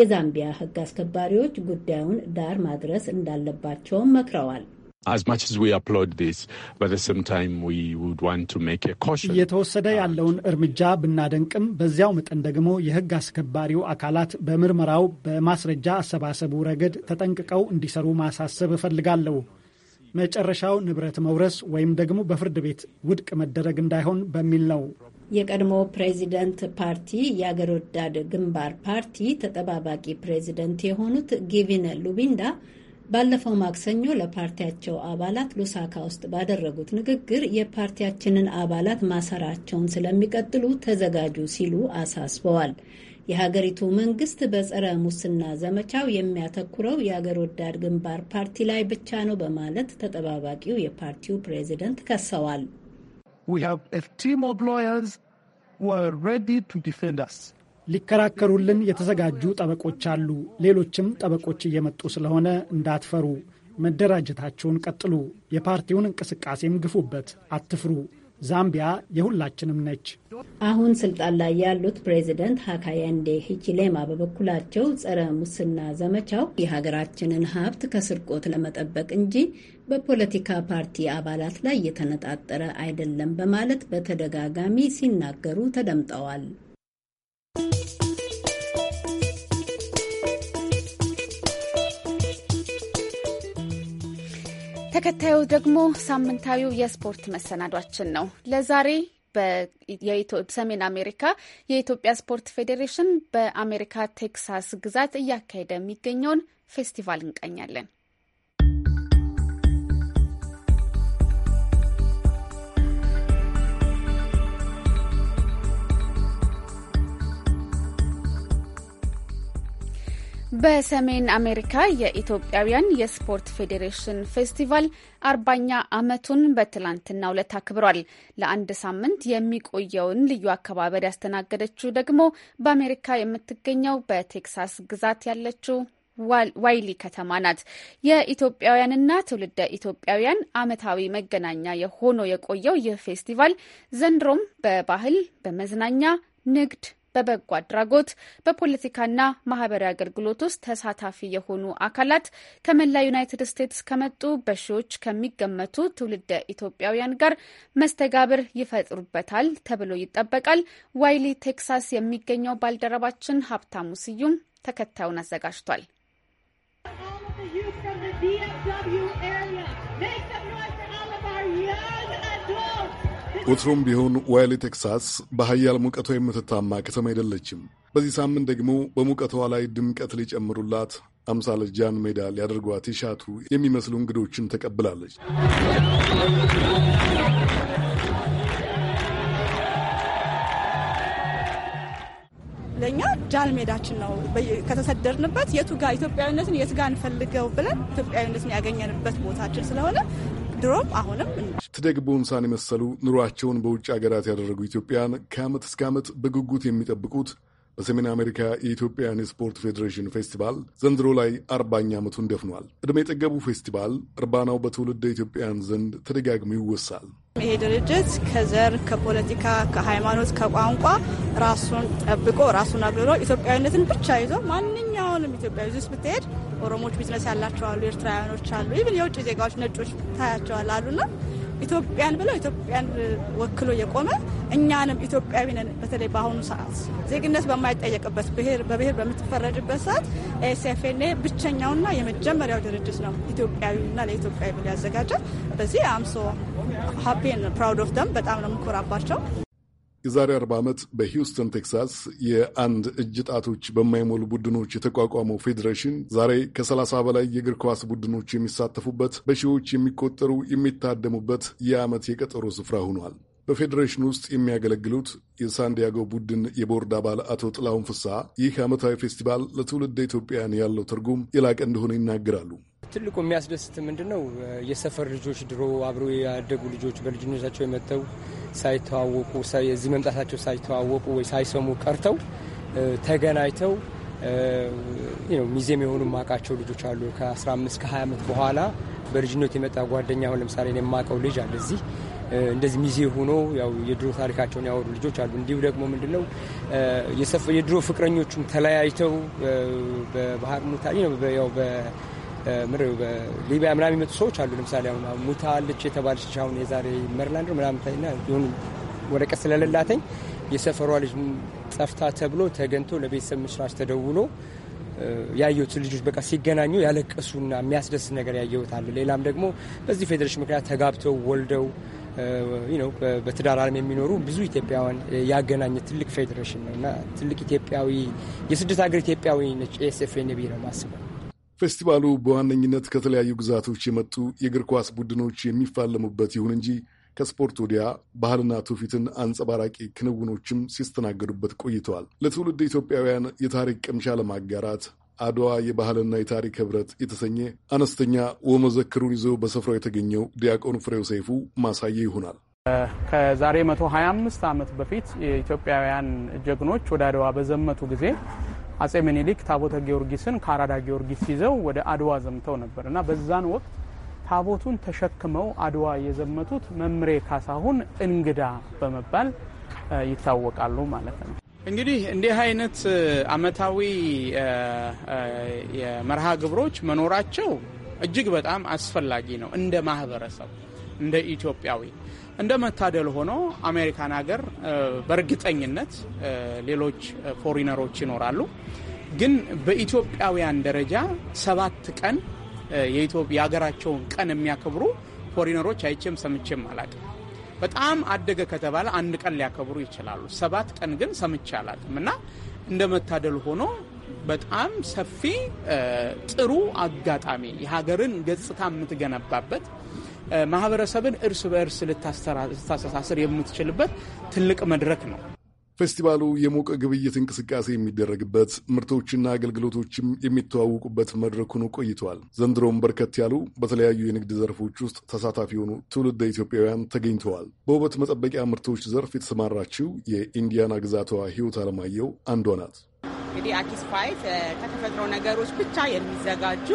የዛምቢያ ሕግ አስከባሪዎች ጉዳዩን ዳር ማድረስ እንዳለባቸውም መክረዋል። እየተወሰደ ያለውን እርምጃ ብናደንቅም በዚያው መጠን ደግሞ የሕግ አስከባሪው አካላት በምርመራው በማስረጃ አሰባሰቡ ረገድ ተጠንቅቀው እንዲሰሩ ማሳሰብ እፈልጋለሁ። መጨረሻው ንብረት መውረስ ወይም ደግሞ በፍርድ ቤት ውድቅ መደረግ እንዳይሆን በሚል ነው። የቀድሞ ፕሬዚደንት ፓርቲ የአገር ወዳድ ግንባር ፓርቲ ተጠባባቂ ፕሬዚደንት የሆኑት ጊቪን ሉቢንዳ ባለፈው ማክሰኞ ለፓርቲያቸው አባላት ሉሳካ ውስጥ ባደረጉት ንግግር የፓርቲያችንን አባላት ማሰራቸውን ስለሚቀጥሉ ተዘጋጁ ሲሉ አሳስበዋል። የሀገሪቱ መንግስት በጸረ ሙስና ዘመቻው የሚያተኩረው የአገር ወዳድ ግንባር ፓርቲ ላይ ብቻ ነው በማለት ተጠባባቂው የፓርቲው ፕሬዚደንት ከሰዋል። We have a team of lawyers who are ready to defend us. ሊከራከሩልን የተዘጋጁ ጠበቆች አሉ። ሌሎችም ጠበቆች እየመጡ ስለሆነ እንዳትፈሩ። መደራጀታችሁን ቀጥሉ። የፓርቲውን እንቅስቃሴም ግፉበት። አትፍሩ። ዛምቢያ የሁላችንም ነች። አሁን ስልጣን ላይ ያሉት ፕሬዚደንት ሀካያንዴ ሂኪሌማ በበኩላቸው ጸረ ሙስና ዘመቻው የሀገራችንን ሀብት ከስርቆት ለመጠበቅ እንጂ በፖለቲካ ፓርቲ አባላት ላይ የተነጣጠረ አይደለም በማለት በተደጋጋሚ ሲናገሩ ተደምጠዋል። ተከታዩ ደግሞ ሳምንታዊው የስፖርት መሰናዷችን ነው። ለዛሬ ሰሜን አሜሪካ የኢትዮጵያ ስፖርት ፌዴሬሽን በአሜሪካ ቴክሳስ ግዛት እያካሄደ የሚገኘውን ፌስቲቫል እንቃኛለን። በሰሜን አሜሪካ የኢትዮጵያውያን የስፖርት ፌዴሬሽን ፌስቲቫል አርባኛ ዓመቱን በትላንትናው ዕለት አክብሯል። ለአንድ ሳምንት የሚቆየውን ልዩ አከባበር ያስተናገደችው ደግሞ በአሜሪካ የምትገኘው በቴክሳስ ግዛት ያለችው ዋይሊ ከተማ ናት። የኢትዮጵያውያንና ትውልደ ኢትዮጵያውያን ዓመታዊ መገናኛ የሆኖ የቆየው ይህ ፌስቲቫል ዘንድሮም በባህል በመዝናኛ ንግድ በበጎ አድራጎት በፖለቲካና ማህበራዊ አገልግሎት ውስጥ ተሳታፊ የሆኑ አካላት ከመላ ዩናይትድ ስቴትስ ከመጡ በሺዎች ከሚገመቱ ትውልደ ኢትዮጵያውያን ጋር መስተጋብር ይፈጥሩበታል ተብሎ ይጠበቃል። ዋይሊ ቴክሳስ የሚገኘው ባልደረባችን ሀብታሙ ስዩም ተከታዩን አዘጋጅቷል። ወትሮም ቢሆን ዋይሌ ቴክሳስ በሀያል ሙቀቷ የምትታማ ከተማ አይደለችም። በዚህ ሳምንት ደግሞ በሙቀቷ ላይ ድምቀት ሊጨምሩላት አምሳለ ጃን ሜዳ ሊያደርጓት የሻቱ የሚመስሉ እንግዶችን ተቀብላለች። ለእኛ ጃን ሜዳችን ነው። ከተሰደርንበት የቱ ኢትዮጵያዊነትን የትጋ እንፈልገው ብለን ኢትዮጵያዊነትን ያገኘንበት ቦታችን ስለሆነ ድሮም አሁንም። ትደግ ቦንሳን የመሰሉ ኑሯቸውን በውጭ ሀገራት ያደረጉ ኢትዮጵያን ከዓመት እስከ ዓመት በጉጉት የሚጠብቁት በሰሜን አሜሪካ የኢትዮጵያን የስፖርት ፌዴሬሽን ፌስቲቫል ዘንድሮ ላይ አርባኛ ዓመቱን ደፍኗል። ዕድሜ የጠገቡ ፌስቲቫል እርባናው በትውልድ ኢትዮጵያውያን ዘንድ ተደጋግሞ ይወሳል። ይሄ ድርጅት ከዘር፣ ከፖለቲካ፣ ከሃይማኖት፣ ከቋንቋ ራሱን ጠብቆ ራሱን አግልሎ ኢትዮጵያዊነትን ብቻ ይዞ ማንኛውንም ኢትዮጵያዊ ዚስ ብትሄድ ኦሮሞዎች ቢዝነስ ያላቸው አሉ፣ ኤርትራውያኖች አሉ፣ ኢቭን የውጭ ዜጋዎች ነጮች ታያቸዋል አሉና ኢትዮጵያን ብለው ኢትዮጵያን ወክሎ የቆመ እኛንም ኢትዮጵያዊ ነን። በተለይ በአሁኑ ሰዓት ዜግነት በማይጠየቅበት ብሔር በብሔር በምትፈረድበት ሰዓት ኤስፍኔ ብቸኛውና የመጀመሪያው ድርጅት ነው ኢትዮጵያዊና ለኢትዮጵያዊ ብሎ ያዘጋጀ። በዚህ አምሶ ሀፒን ፕራውድ ኦፍ ደም በጣም ነው የምኮራባቸው። የዛሬ 40 ዓመት በሂውስተን ቴክሳስ የአንድ እጅ ጣቶች በማይሞሉ ቡድኖች የተቋቋመው ፌዴሬሽን ዛሬ ከ30 በላይ የእግር ኳስ ቡድኖች የሚሳተፉበት፣ በሺዎች የሚቆጠሩ የሚታደሙበት የዓመት የቀጠሮ ስፍራ ሆኗል። በፌዴሬሽን ውስጥ የሚያገለግሉት የሳንዲያጎ ቡድን የቦርድ አባል አቶ ጥላሁን ፍስሐ ይህ ዓመታዊ ፌስቲቫል ለትውልድ ኢትዮጵያን ያለው ትርጉም የላቀ እንደሆነ ይናገራሉ። ትልቁ የሚያስደስት ምንድን ነው? የሰፈር ልጆች ድሮ አብሮ ያደጉ ልጆች በልጅነታቸው የመጥተው ሳይተዋወቁ የዚህ መምጣታቸው ሳይተዋወቁ ወይ ሳይሰሙ ቀርተው ተገናኝተው ሚዜም የሆኑ ማቃቸው ልጆች አሉ። ከ15 ከ20 ዓመት በኋላ በልጅነት የመጣ ጓደኛ አሁን ለምሳሌ የማውቀው ልጅ አለ እዚህ እንደዚህ ሚዜ ሆኖ ያው የድሮ ታሪካቸውን ያወሩ ልጆች አሉ። እንዲሁ ደግሞ ምንድነው የድሮ ፍቅረኞቹም ተለያይተው በባህር ሙታ ሊቢያ ምናምን የሚመጡ ሰዎች አሉ። ለምሳሌ አሁን ሙታ አለች የተባለች አሁን የዛሬ ሜሪላንድ ምናምን ታይና የሆኑ ወረቀት ስለሌላተኝ የሰፈሯ ልጅ ጠፍታ ተብሎ ተገንቶ ለቤተሰብ ምስራች ተደውሎ ያየሁት ልጆች በቃ ሲገናኙ ያለቀሱና የሚያስደስት ነገር ያየሁት አለ። ሌላም ደግሞ በዚህ ፌዴሬሽን ምክንያት ተጋብተው ወልደው በትዳር ዓለም የሚኖሩ ብዙ ኢትዮጵያውያን ያገናኘ ትልቅ ፌዴሬሽን ነው እና ትልቅ ኢትዮጵያዊ የስደት ሀገር ኢትዮጵያዊ ነች ኤስፍ ኤስኤፍኤንቢ ነው ማስበው ፌስቲቫሉ በዋነኝነት ከተለያዩ ግዛቶች የመጡ የእግር ኳስ ቡድኖች የሚፋለሙበት ይሁን እንጂ ከስፖርት ወዲያ ባህልና ትውፊትን አንጸባራቂ ክንውኖችም ሲስተናገዱበት ቆይተዋል። ለትውልድ ኢትዮጵያውያን የታሪክ ቅምሻ ለማጋራት አድዋ የባህልና የታሪክ ህብረት የተሰኘ አነስተኛ ወመዘክሩን ይዞ በስፍራው የተገኘው ዲያቆን ፍሬው ሰይፉ ማሳያ ይሆናል። ከዛሬ 125 ዓመት በፊት የኢትዮጵያውያን ጀግኖች ወደ አድዋ በዘመቱ ጊዜ አጼ ምኒልክ ታቦተ ጊዮርጊስን ከአራዳ ጊዮርጊስ ይዘው ወደ አድዋ ዘምተው ነበር እና በዛን ወቅት ታቦቱን ተሸክመው አድዋ የዘመቱት መምሬ ካሳሁን እንግዳ በመባል ይታወቃሉ ማለት ነው። እንግዲህ እንዲህ አይነት አመታዊ የመርሃ ግብሮች መኖራቸው እጅግ በጣም አስፈላጊ ነው እንደ ማህበረሰብ እንደ ኢትዮጵያዊ እንደ መታደል ሆኖ አሜሪካን ሀገር በእርግጠኝነት ሌሎች ፎሪነሮች ይኖራሉ። ግን በኢትዮጵያውያን ደረጃ ሰባት ቀን የሀገራቸውን ቀን የሚያከብሩ ፎሪነሮች አይቼም ሰምቼም አላቅም። በጣም አደገ ከተባለ አንድ ቀን ሊያከብሩ ይችላሉ። ሰባት ቀን ግን ሰምቼ አላቅም እና እንደ መታደል ሆኖ በጣም ሰፊ ጥሩ አጋጣሚ የሀገርን ገጽታ የምትገነባበት ማህበረሰብን እርስ በእርስ ልታስተሳስር የምትችልበት ትልቅ መድረክ ነው። ፌስቲቫሉ የሞቀ ግብይት እንቅስቃሴ የሚደረግበት ምርቶችና አገልግሎቶችም የሚተዋወቁበት መድረክ ሆኖ ቆይተዋል። ዘንድሮም በርከት ያሉ በተለያዩ የንግድ ዘርፎች ውስጥ ተሳታፊ የሆኑ ትውልደ ኢትዮጵያውያን ተገኝተዋል። በውበት መጠበቂያ ምርቶች ዘርፍ የተሰማራችው የኢንዲያና ግዛቷ ሕይወት አለማየው አንዷ ናት። እንግዲህ አኪስ ፋይት ከተፈጥሮ ነገሮች ብቻ የሚዘጋጁ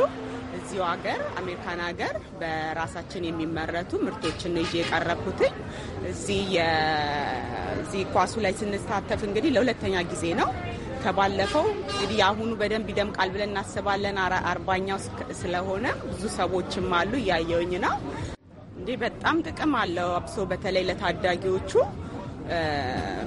እዚሁ ሀገር አሜሪካን ሀገር በራሳችን የሚመረቱ ምርቶችን ነው ይዤ የቀረብኩትኝ። እዚህ ኳሱ ላይ ስንሳተፍ እንግዲህ ለሁለተኛ ጊዜ ነው። ከባለፈው እንግዲህ የአሁኑ በደንብ ይደምቃል ብለን እናስባለን። አርባኛው ስለሆነ ብዙ ሰዎችም አሉ እያየውኝ ነው። እንዲህ በጣም ጥቅም አለው አብሶ በተለይ ለታዳጊዎቹ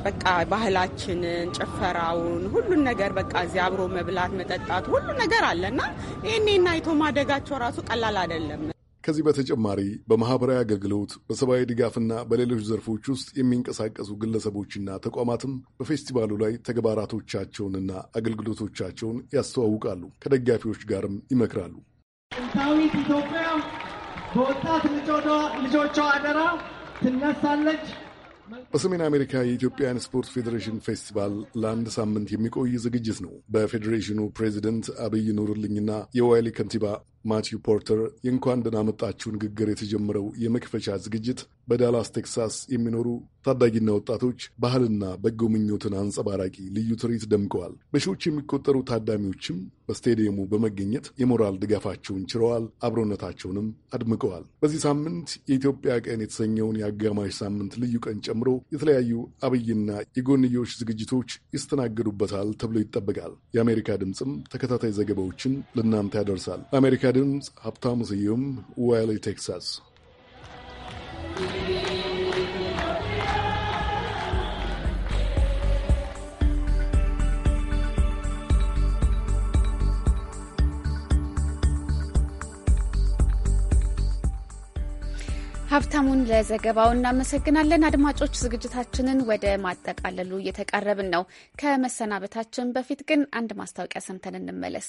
በቃ ባህላችንን፣ ጭፈራውን፣ ሁሉን ነገር በቃ እዚ አብሮ መብላት፣ መጠጣት ሁሉ ነገር አለና ይህኔና አይቶ ማደጋቸው ራሱ ቀላል አይደለም። ከዚህ በተጨማሪ በማህበራዊ አገልግሎት በሰብአዊ ድጋፍና በሌሎች ዘርፎች ውስጥ የሚንቀሳቀሱ ግለሰቦችና ተቋማትም በፌስቲቫሉ ላይ ተግባራቶቻቸውንና አገልግሎቶቻቸውን ያስተዋውቃሉ፣ ከደጋፊዎች ጋርም ይመክራሉ። ጥንታዊት ኢትዮጵያ በወጣት ልጆቿ አደራ ትነሳለች በሰሜን አሜሪካ የኢትዮጵያን ስፖርት ፌዴሬሽን ፌስቲቫል ለአንድ ሳምንት የሚቆይ ዝግጅት ነው። በፌዴሬሽኑ ፕሬዚደንት አብይ ኑርልኝና የዋይሊ ከንቲባ ማቲው ፖርተር የእንኳን ደህና መጣችሁ ንግግር የተጀመረው የመክፈቻ ዝግጅት በዳላስ ቴክሳስ የሚኖሩ ታዳጊና ወጣቶች ባህልና በጎ ምኞትን አንጸባራቂ ልዩ ትርኢት ደምቀዋል። በሺዎች የሚቆጠሩ ታዳሚዎችም በስቴዲየሙ በመገኘት የሞራል ድጋፋቸውን ችረዋል፣ አብሮነታቸውንም አድምቀዋል። በዚህ ሳምንት የኢትዮጵያ ቀን የተሰኘውን የአጋማሽ ሳምንት ልዩ ቀን ጨምሮ የተለያዩ አብይና የጎንዮሽ ዝግጅቶች ይስተናገዱበታል ተብሎ ይጠበቃል። የአሜሪካ ድምፅም ተከታታይ ዘገባዎችን ለእናንተ ያደርሳል። ድምፅ ሀብታሙ ስዩም ዋይሌ ቴክሳስ። ሀብታሙን ለዘገባው እናመሰግናለን። አድማጮች ዝግጅታችንን ወደ ማጠቃለሉ እየተቃረብን ነው። ከመሰናበታችን በፊት ግን አንድ ማስታወቂያ ሰምተን እንመለስ።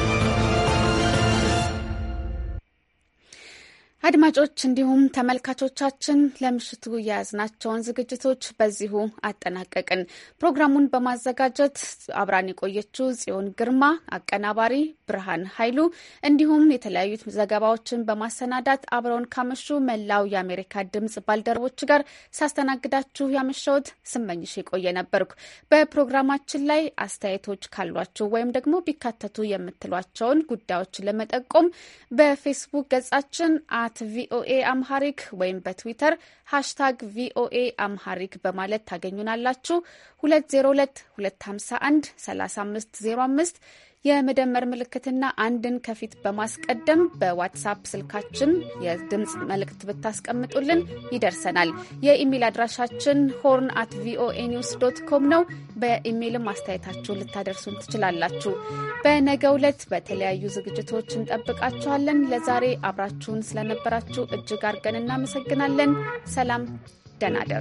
አድማጮች እንዲሁም ተመልካቾቻችን ለምሽቱ የያዝናቸውን ዝግጅቶች በዚሁ አጠናቀቅን። ፕሮግራሙን በማዘጋጀት አብራን የቆየችው ጽዮን ግርማ፣ አቀናባሪ ብርሃን ኃይሉ እንዲሁም የተለያዩ ዘገባዎችን በማሰናዳት አብረውን ካመሹ መላው የአሜሪካ ድምጽ ባልደረቦች ጋር ሳስተናግዳችሁ ያመሸሁት ስመኝሽ የቆየ ነበርኩ። በፕሮግራማችን ላይ አስተያየቶች ካሏችሁ ወይም ደግሞ ቢካተቱ የምትሏቸውን ጉዳዮች ለመጠቆም በፌስቡክ ገጻችን አት ቪኦኤ አምሃሪክ ወይም በትዊተር ሃሽታግ ቪኦኤ አምሃሪክ በማለት ታገኙናላችሁ። 202251 3505 የመደመር ምልክትና አንድን ከፊት በማስቀደም በዋትሳፕ ስልካችን የድምፅ መልእክት ብታስቀምጡልን ይደርሰናል። የኢሜል አድራሻችን ሆርን አት ቪኦኤ ኒውስ ዶት ኮም ነው። በኢሜይልም አስተያየታችሁን ልታደርሱን ትችላላችሁ። በነገ ዕለት በተለያዩ ዝግጅቶች እንጠብቃችኋለን። ለዛሬ አብራችሁን ስለነበራችሁ እጅግ አድርገን እናመሰግናለን። ሰላም፣ ደህና